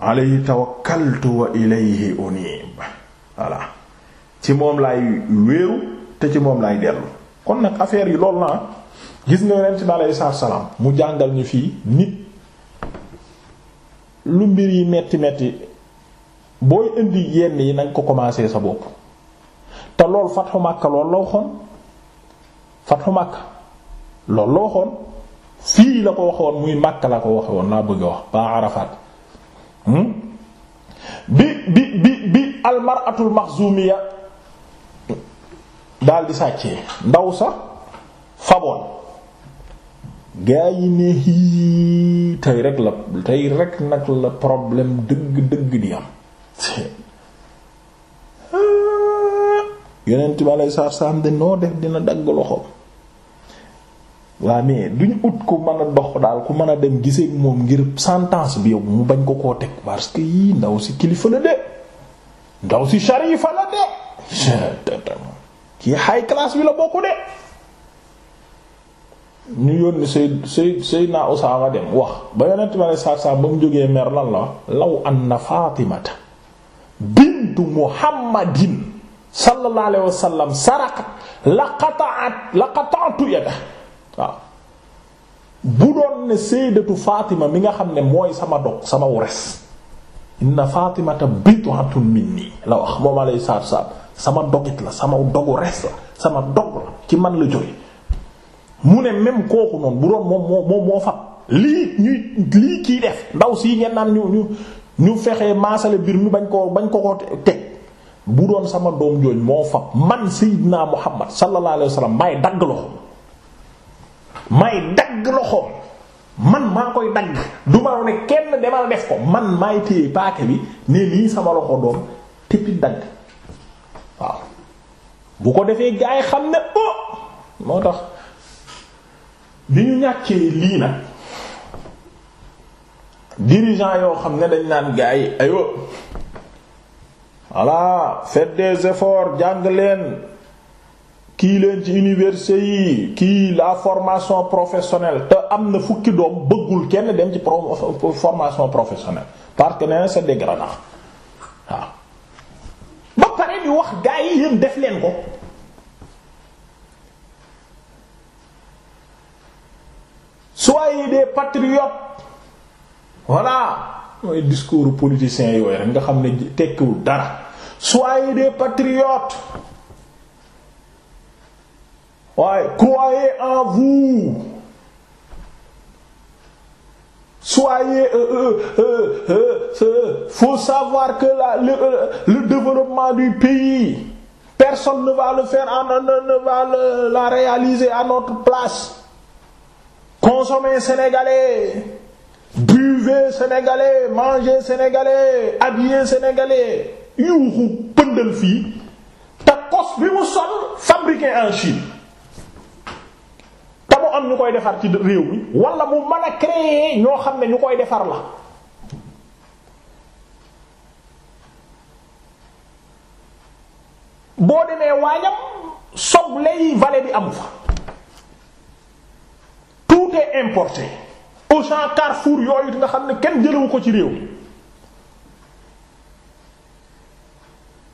alayhi tawakkaltu voilà ci moom lay wéeru te ci moom lay dellu kon nag affaire yi loolu na gis nga yonent bi aleyhi salaatu salaam mu jàngal ñu fii nit lu mbir yi metti metti booy indi yenn yi nañ ko commencé sa bopp te lool fatxu Makka loolu la waxoon fatxu Makka loolu la waxoon fii la ko waxoon muy Makka la ko waxoon laa bëgg a wax ba Arafat Hmm? bi bi bi bi almaratul maxzumiya daal di sàccee ndaw sa faboon gaa yi ne hii tey rek la tey rek nag la problème dëgg dëgg di am yonent bi aleyhi salaatu salaam de noo def dina dagg loxoom waa mais duñ ut ku mën a dox daal ku mën a dem gisee moom ngir sentence bi yow mu bañ ko koo teg parce que yii ndaw si kilifa la de ndaw si sharifa la de kii high class bi la bokku de ñu yónni say say say naa Usaama dem wax ba yonent ma ne saab-saab ba mu jógee mer lan la law anna Faatimata bintu Muhammadin sallallahu alayhi wasallam sarakat la qata'at la waaw bu doon ne sayyidatu Fatima mi nga xam ne mooy sama dog sama wures inna Fatimata bid'atun minni la wax moom alay saab saab sama dogit la sama dogu res la sama dog la ci man la jóge mu ne même kooku noonu bu doon moom moo moom moo fab lii ñuy lii kiy def ndaw sii ngeen naan ñu ñu ñu fexee maasale biir mi bañ ko bañ ko ko teg bu doon sama doom jooñ moo fab man sayyidna Muhammad sallallahu alayhi wasallam may dagg loxo may dagg loxoom man maa koy dagg du ma ne kenn demal def ko man maay téye paake bi ne nii sama loxo doom téppi dagg waaw bu ko defee gaa yi xam ne oh moo tax bi ñu ñàkkee lii nag dirigeant yoo xam ne dañ naan gaa yi aywa voilà faites des jàng leen kii leen ci université yi kii la formation professionnelle te am na fukki doom bëggul kenn dem ci pro formation professionnelle parce que nee na c'est dégradant waaw ba pare di wax gaa yi yéen def leen ko soyez de patriotes voilà mooy discours politicien yooyu rek nga xam ne tekkiwul dara soyez des patriotes waaye croyez en vous soyez euh, euh, euh, euh, euh faut savoir que la euh, le, développement du pays personne ne va le faire en ne la réaliser à notre place consommez sénégalais buvez sénégalais mangez sénégalais habillez sénégalais yuuxu pëndal fii te kos bi mu sol fabriqué en Chine am ñu koy defar ci réew mi wala mu man a créer ñoo xam ne ñu koy defar la boo demee waañam soble yi vallée bi amu fa tout est importé Auchan Carrefour yooyu nga xam ne kenn jëlewu ko ci réew mi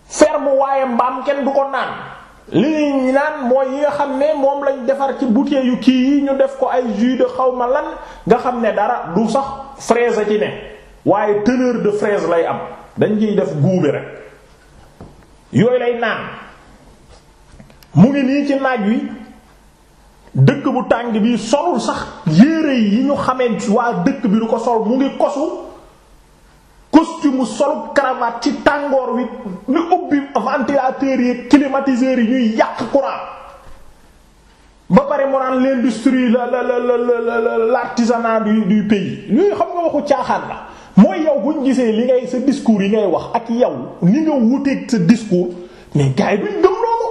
ferme waaye mbaam kenn du ko naan li ñuy naan mooy yi nga xam ne moom lañ defar ci bouteille yu kii yi ñu def ko ay jus xawma lan nga xam ne dara du sax fraise ci ne waaye teneur de fraise lay am dañ ciy def guube rek yooyu lay naan mu ngi nii ci naaj wi dëkk bu tàng bi solul sax yére yi ñu xamee waa dëkk bi du ko sol mu ngi kosu costume solub cravate ci tàngoor wi ñu ubbi ventilateurs yi climatiseurs yi ñuy yàq courant ba pare mu naan l'industrie la la la la l'artisanat du du pays yooyu xam nga waxu caaxaan la mooy yow buñ gisee li ngay sa discours yi ngay wax ak yow ni nga wuteeg sa discours mais gars yi duñ gëm loolu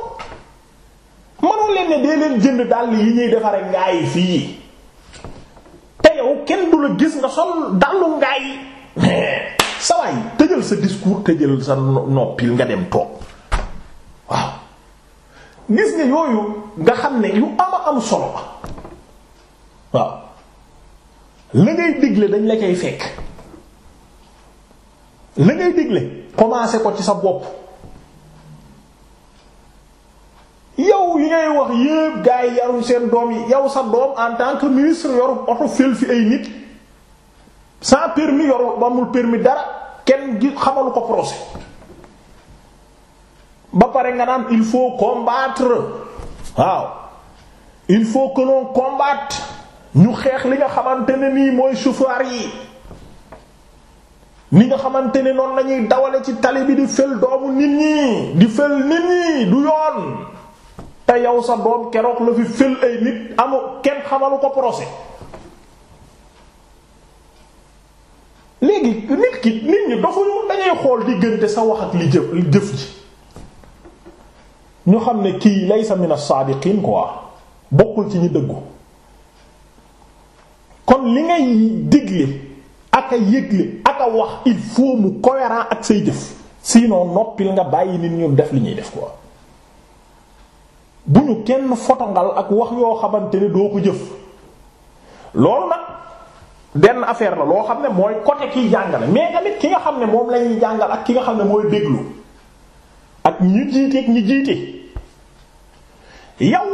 mënoon leen ne dee leen jënd dàll yi ñuy defare ngaay fii te yow kenn du la gis nga sol dàllu ngaay sawaay tëjal sa discours tëjal sa noppil nga dem toog waaw gis nga yooyu nga xam ne lu ama am solo la waaw la ngay digle dañ la cay fekk la ngay digle commencé ko ci sa bopp yow yi ngay wax yépp gaa yi yaru seen doom yi yow sa doom en tant que ministre yoru oto fël fi ay nit sans permis yorul ba amul permis dara kenn gi xamalu ko procès ba pare nga naan il faut combattre waaw il faut que l'on combatte ñu xeex li nga xamante ne nii mooy chauffeur yi ni nga xamante ne noonu lañuy dawale ci tali bi di fel doomu nit ñi di fel nit ñi du yoon te yow sa doom keroog la fi fel ay nit amu kenn xamalu ko procès léegi nit ki nit ñi dofuñu dañuy xool diggante sa wax ak li jëf li jëf ji ñu xam ne kii laysa min as-saadiqiin quoi bokkul ci ñu dëggu kon li ngay digle ak a yëgle ak a wax il faut mu ak say jëf sinon noppil nga bàyyi nit ñu def li ñuy def quoi bu ñu kenn fotangal ak wax yoo xamante ne doo ko jëf loolu nag benn affaire la loo xam ne mooy côté kiy jàngale mais tamit ki nga xam ne moom la ñuy jàngal ak ki nga xam ne mooy déglu ak ñu jiite ak ñi jiite yow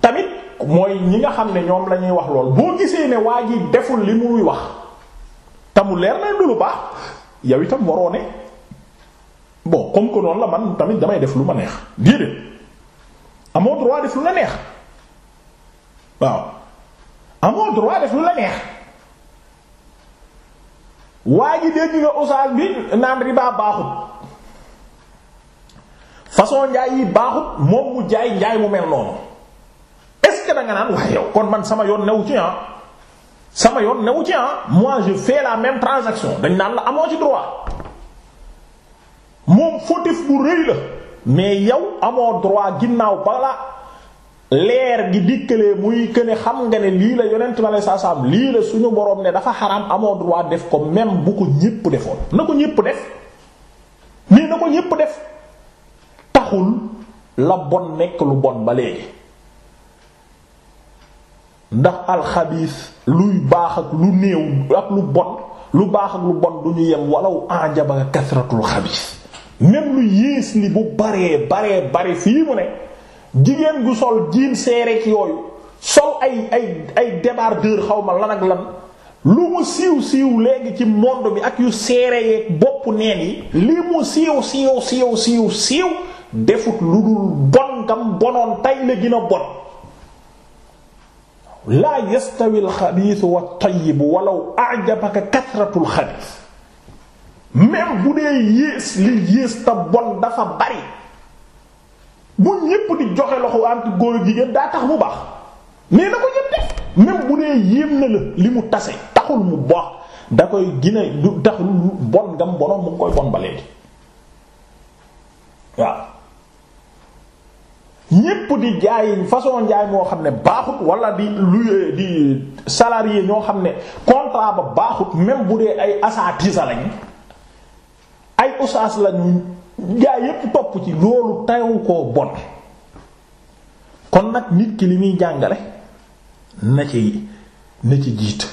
tamit mooy ñi nga xam ne ñoom lañuy wax lool boo gisee ne waa ji deful li muy wax te mu leer na lu baax yow itam waroo ne bon comme que noonu la man tamit damay def lu ma neex déedéet amoo droit def lu la neex waaw amoo droit def lu la neex. waa ji dégg nga oustaz bi naan riba baaxut façon njaay yi baaxut moom mu jaay njaay mu mel noonu est-ce naan waaye yow kon man sama yoon newu ci ah sama yoon newu ci ah moi je fais la même transaction dañ naan la amoo ci droit moom fautif bu rëy la mais yow amoo droit ginnaaw balaa leer gi dikkalee muy këne xam nga ne lii la yonent ma lay saa saam lii la suñu borom ne dafa xaram amoo droit def ko même bu ko ñépp defoon na ko ñépp def nii na ko ñépp def taxul la bon nekk lu bon ba léegi ndax alxabiis luy baax ak lu néew ak lu bon lu baax ak lu bon du ñu yem walaw anjaba kasratul xabiis même lu yées li bu baree baree bare fii mu ne jigéen gu sol jiin seere yooyu sol ay ay ay débardeur xaw ma lan lu mu siiw siiw léegi ci monde bi ak yu seere boppu neen yi li mu siiw siiw siiw siiw siiw defut lu dul bon ngam bonoon tay la gën a bon laa yastawi alxabiisu wa tayyibu ajabaka kasratul xabiis même bu dee yées li yées ta bon dafa bari bu ñépp di joxe loxo entre góor ak jigéen daa tax mu baax mais na ko ñépp def même bu dee yéem na la li mu tase taxul mu baax da koy gina tax lu bon ngam bonoon mu ngi koy bon ba léegi waaw ñépp di jaay façon jaay moo xam ne baaxut wala di lu di salarié ñoo xam ne contrat ba baaxut même bu dee ay asatisa lañ ay usaas lañu gaa yépp topp ci loolu tayu koo bon kon nag nit ki li muy jàngale na ci na ci jiit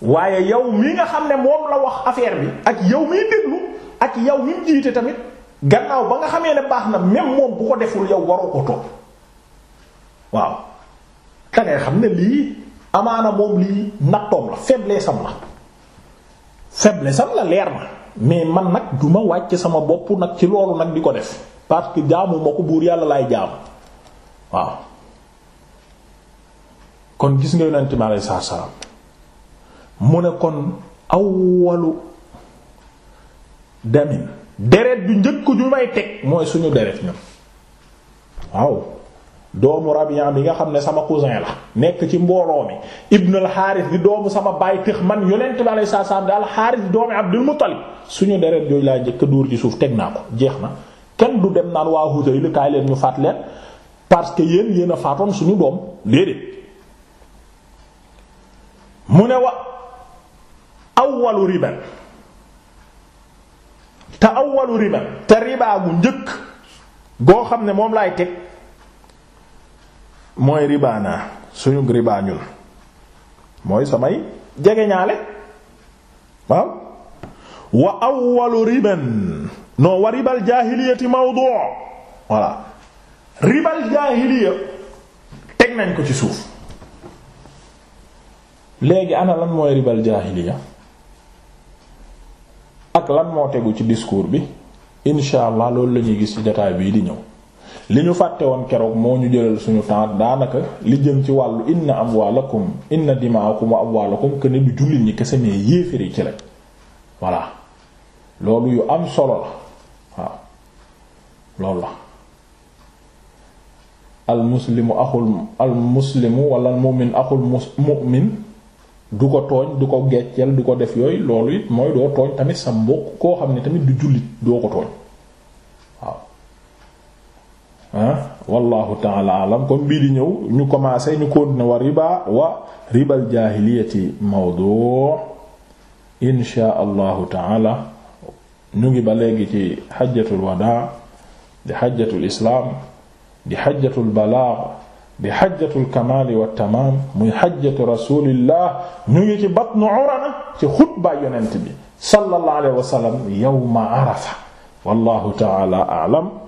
waaye yow mi nga xam ne moom la wax affaire bi ak yow miy déglu ak yow mi jiite tamit gannaaw ba nga xamee ne baax na même moom bu ko deful yow waroo ko topp waaw da xam ne lii amaana moom lii nattoom la faiblesse am la faiblesse am la leer na mais man nag du ma wàcc sama bopp nag ci loolu nag di ko def parce que jaamu ma ko buur yàlla laay jaamu waaw kon gis nga yonent mi alayhi salaatu salaam mu ne kon awwalu damin deret bi njëkk ju may teg mooy suñu deret ñun waaw doomu Rabi'a bi nga xam ne sama cousin la nekk ci mbooloo mi Ibn al-Harith di doomu sama baay tëx man yonent bi saa salaam di al-Harith di doomu Abdul Muttalib suñu yooyu laa njëkk a dóor suuf teg naa jeex na kenn du dem naan waa Hudayl kaay leen ñu faat leen parce que yéen yéen a suñu doom ne wa awwalu riban te awwalu riban te ribaa njëkk goo xam ne moom laay teg. mooy ribaana suñu ribaa ñun mooy samay jegeñaale waaw wa awwalu riban non wa ribal jaahiliyati mawdu' voilà ribal jaahiliya teg nañ ko ci suuf léegi ana lan mooy ribal jaahiliya ak lan moo tegu ci discours bi insha allah loolu lañuy gis ci jotaay bii di ñëw li ñu fàtte woon keroog moo ñu jëlal suñu temps daanaka li jëm ci wàllu inna amwaalakum inna dimaakum wa amwaalakum que ne du jullit ñi kese mais yéefari ci la voilà loolu yu am solo la waaw loolu la al muslimu axul al muslimu wala al mu'min axul mu'min du ko tooñ du ko gecceel du ko def yooyu loolu it mooy doo tooñ tamit sa mbokk koo xam ne tamit du jullit doo ko tooñ wallahu taala alam kon bii di ñëw ñu commencé ñu continuer wa riba wa ribal jaahiliyati mawdu' insha allahu taala ñu ngi ba léegi ci xajjatul wadaa di xajjatul islaam di xajjatul balaag di xajjatul kamaali wa muy xajjatu rasulillah ñu ngi ci batnu urana ci xutba yonent bi sallallahu alayhi wa sallam yawma arafa wallahu taala alam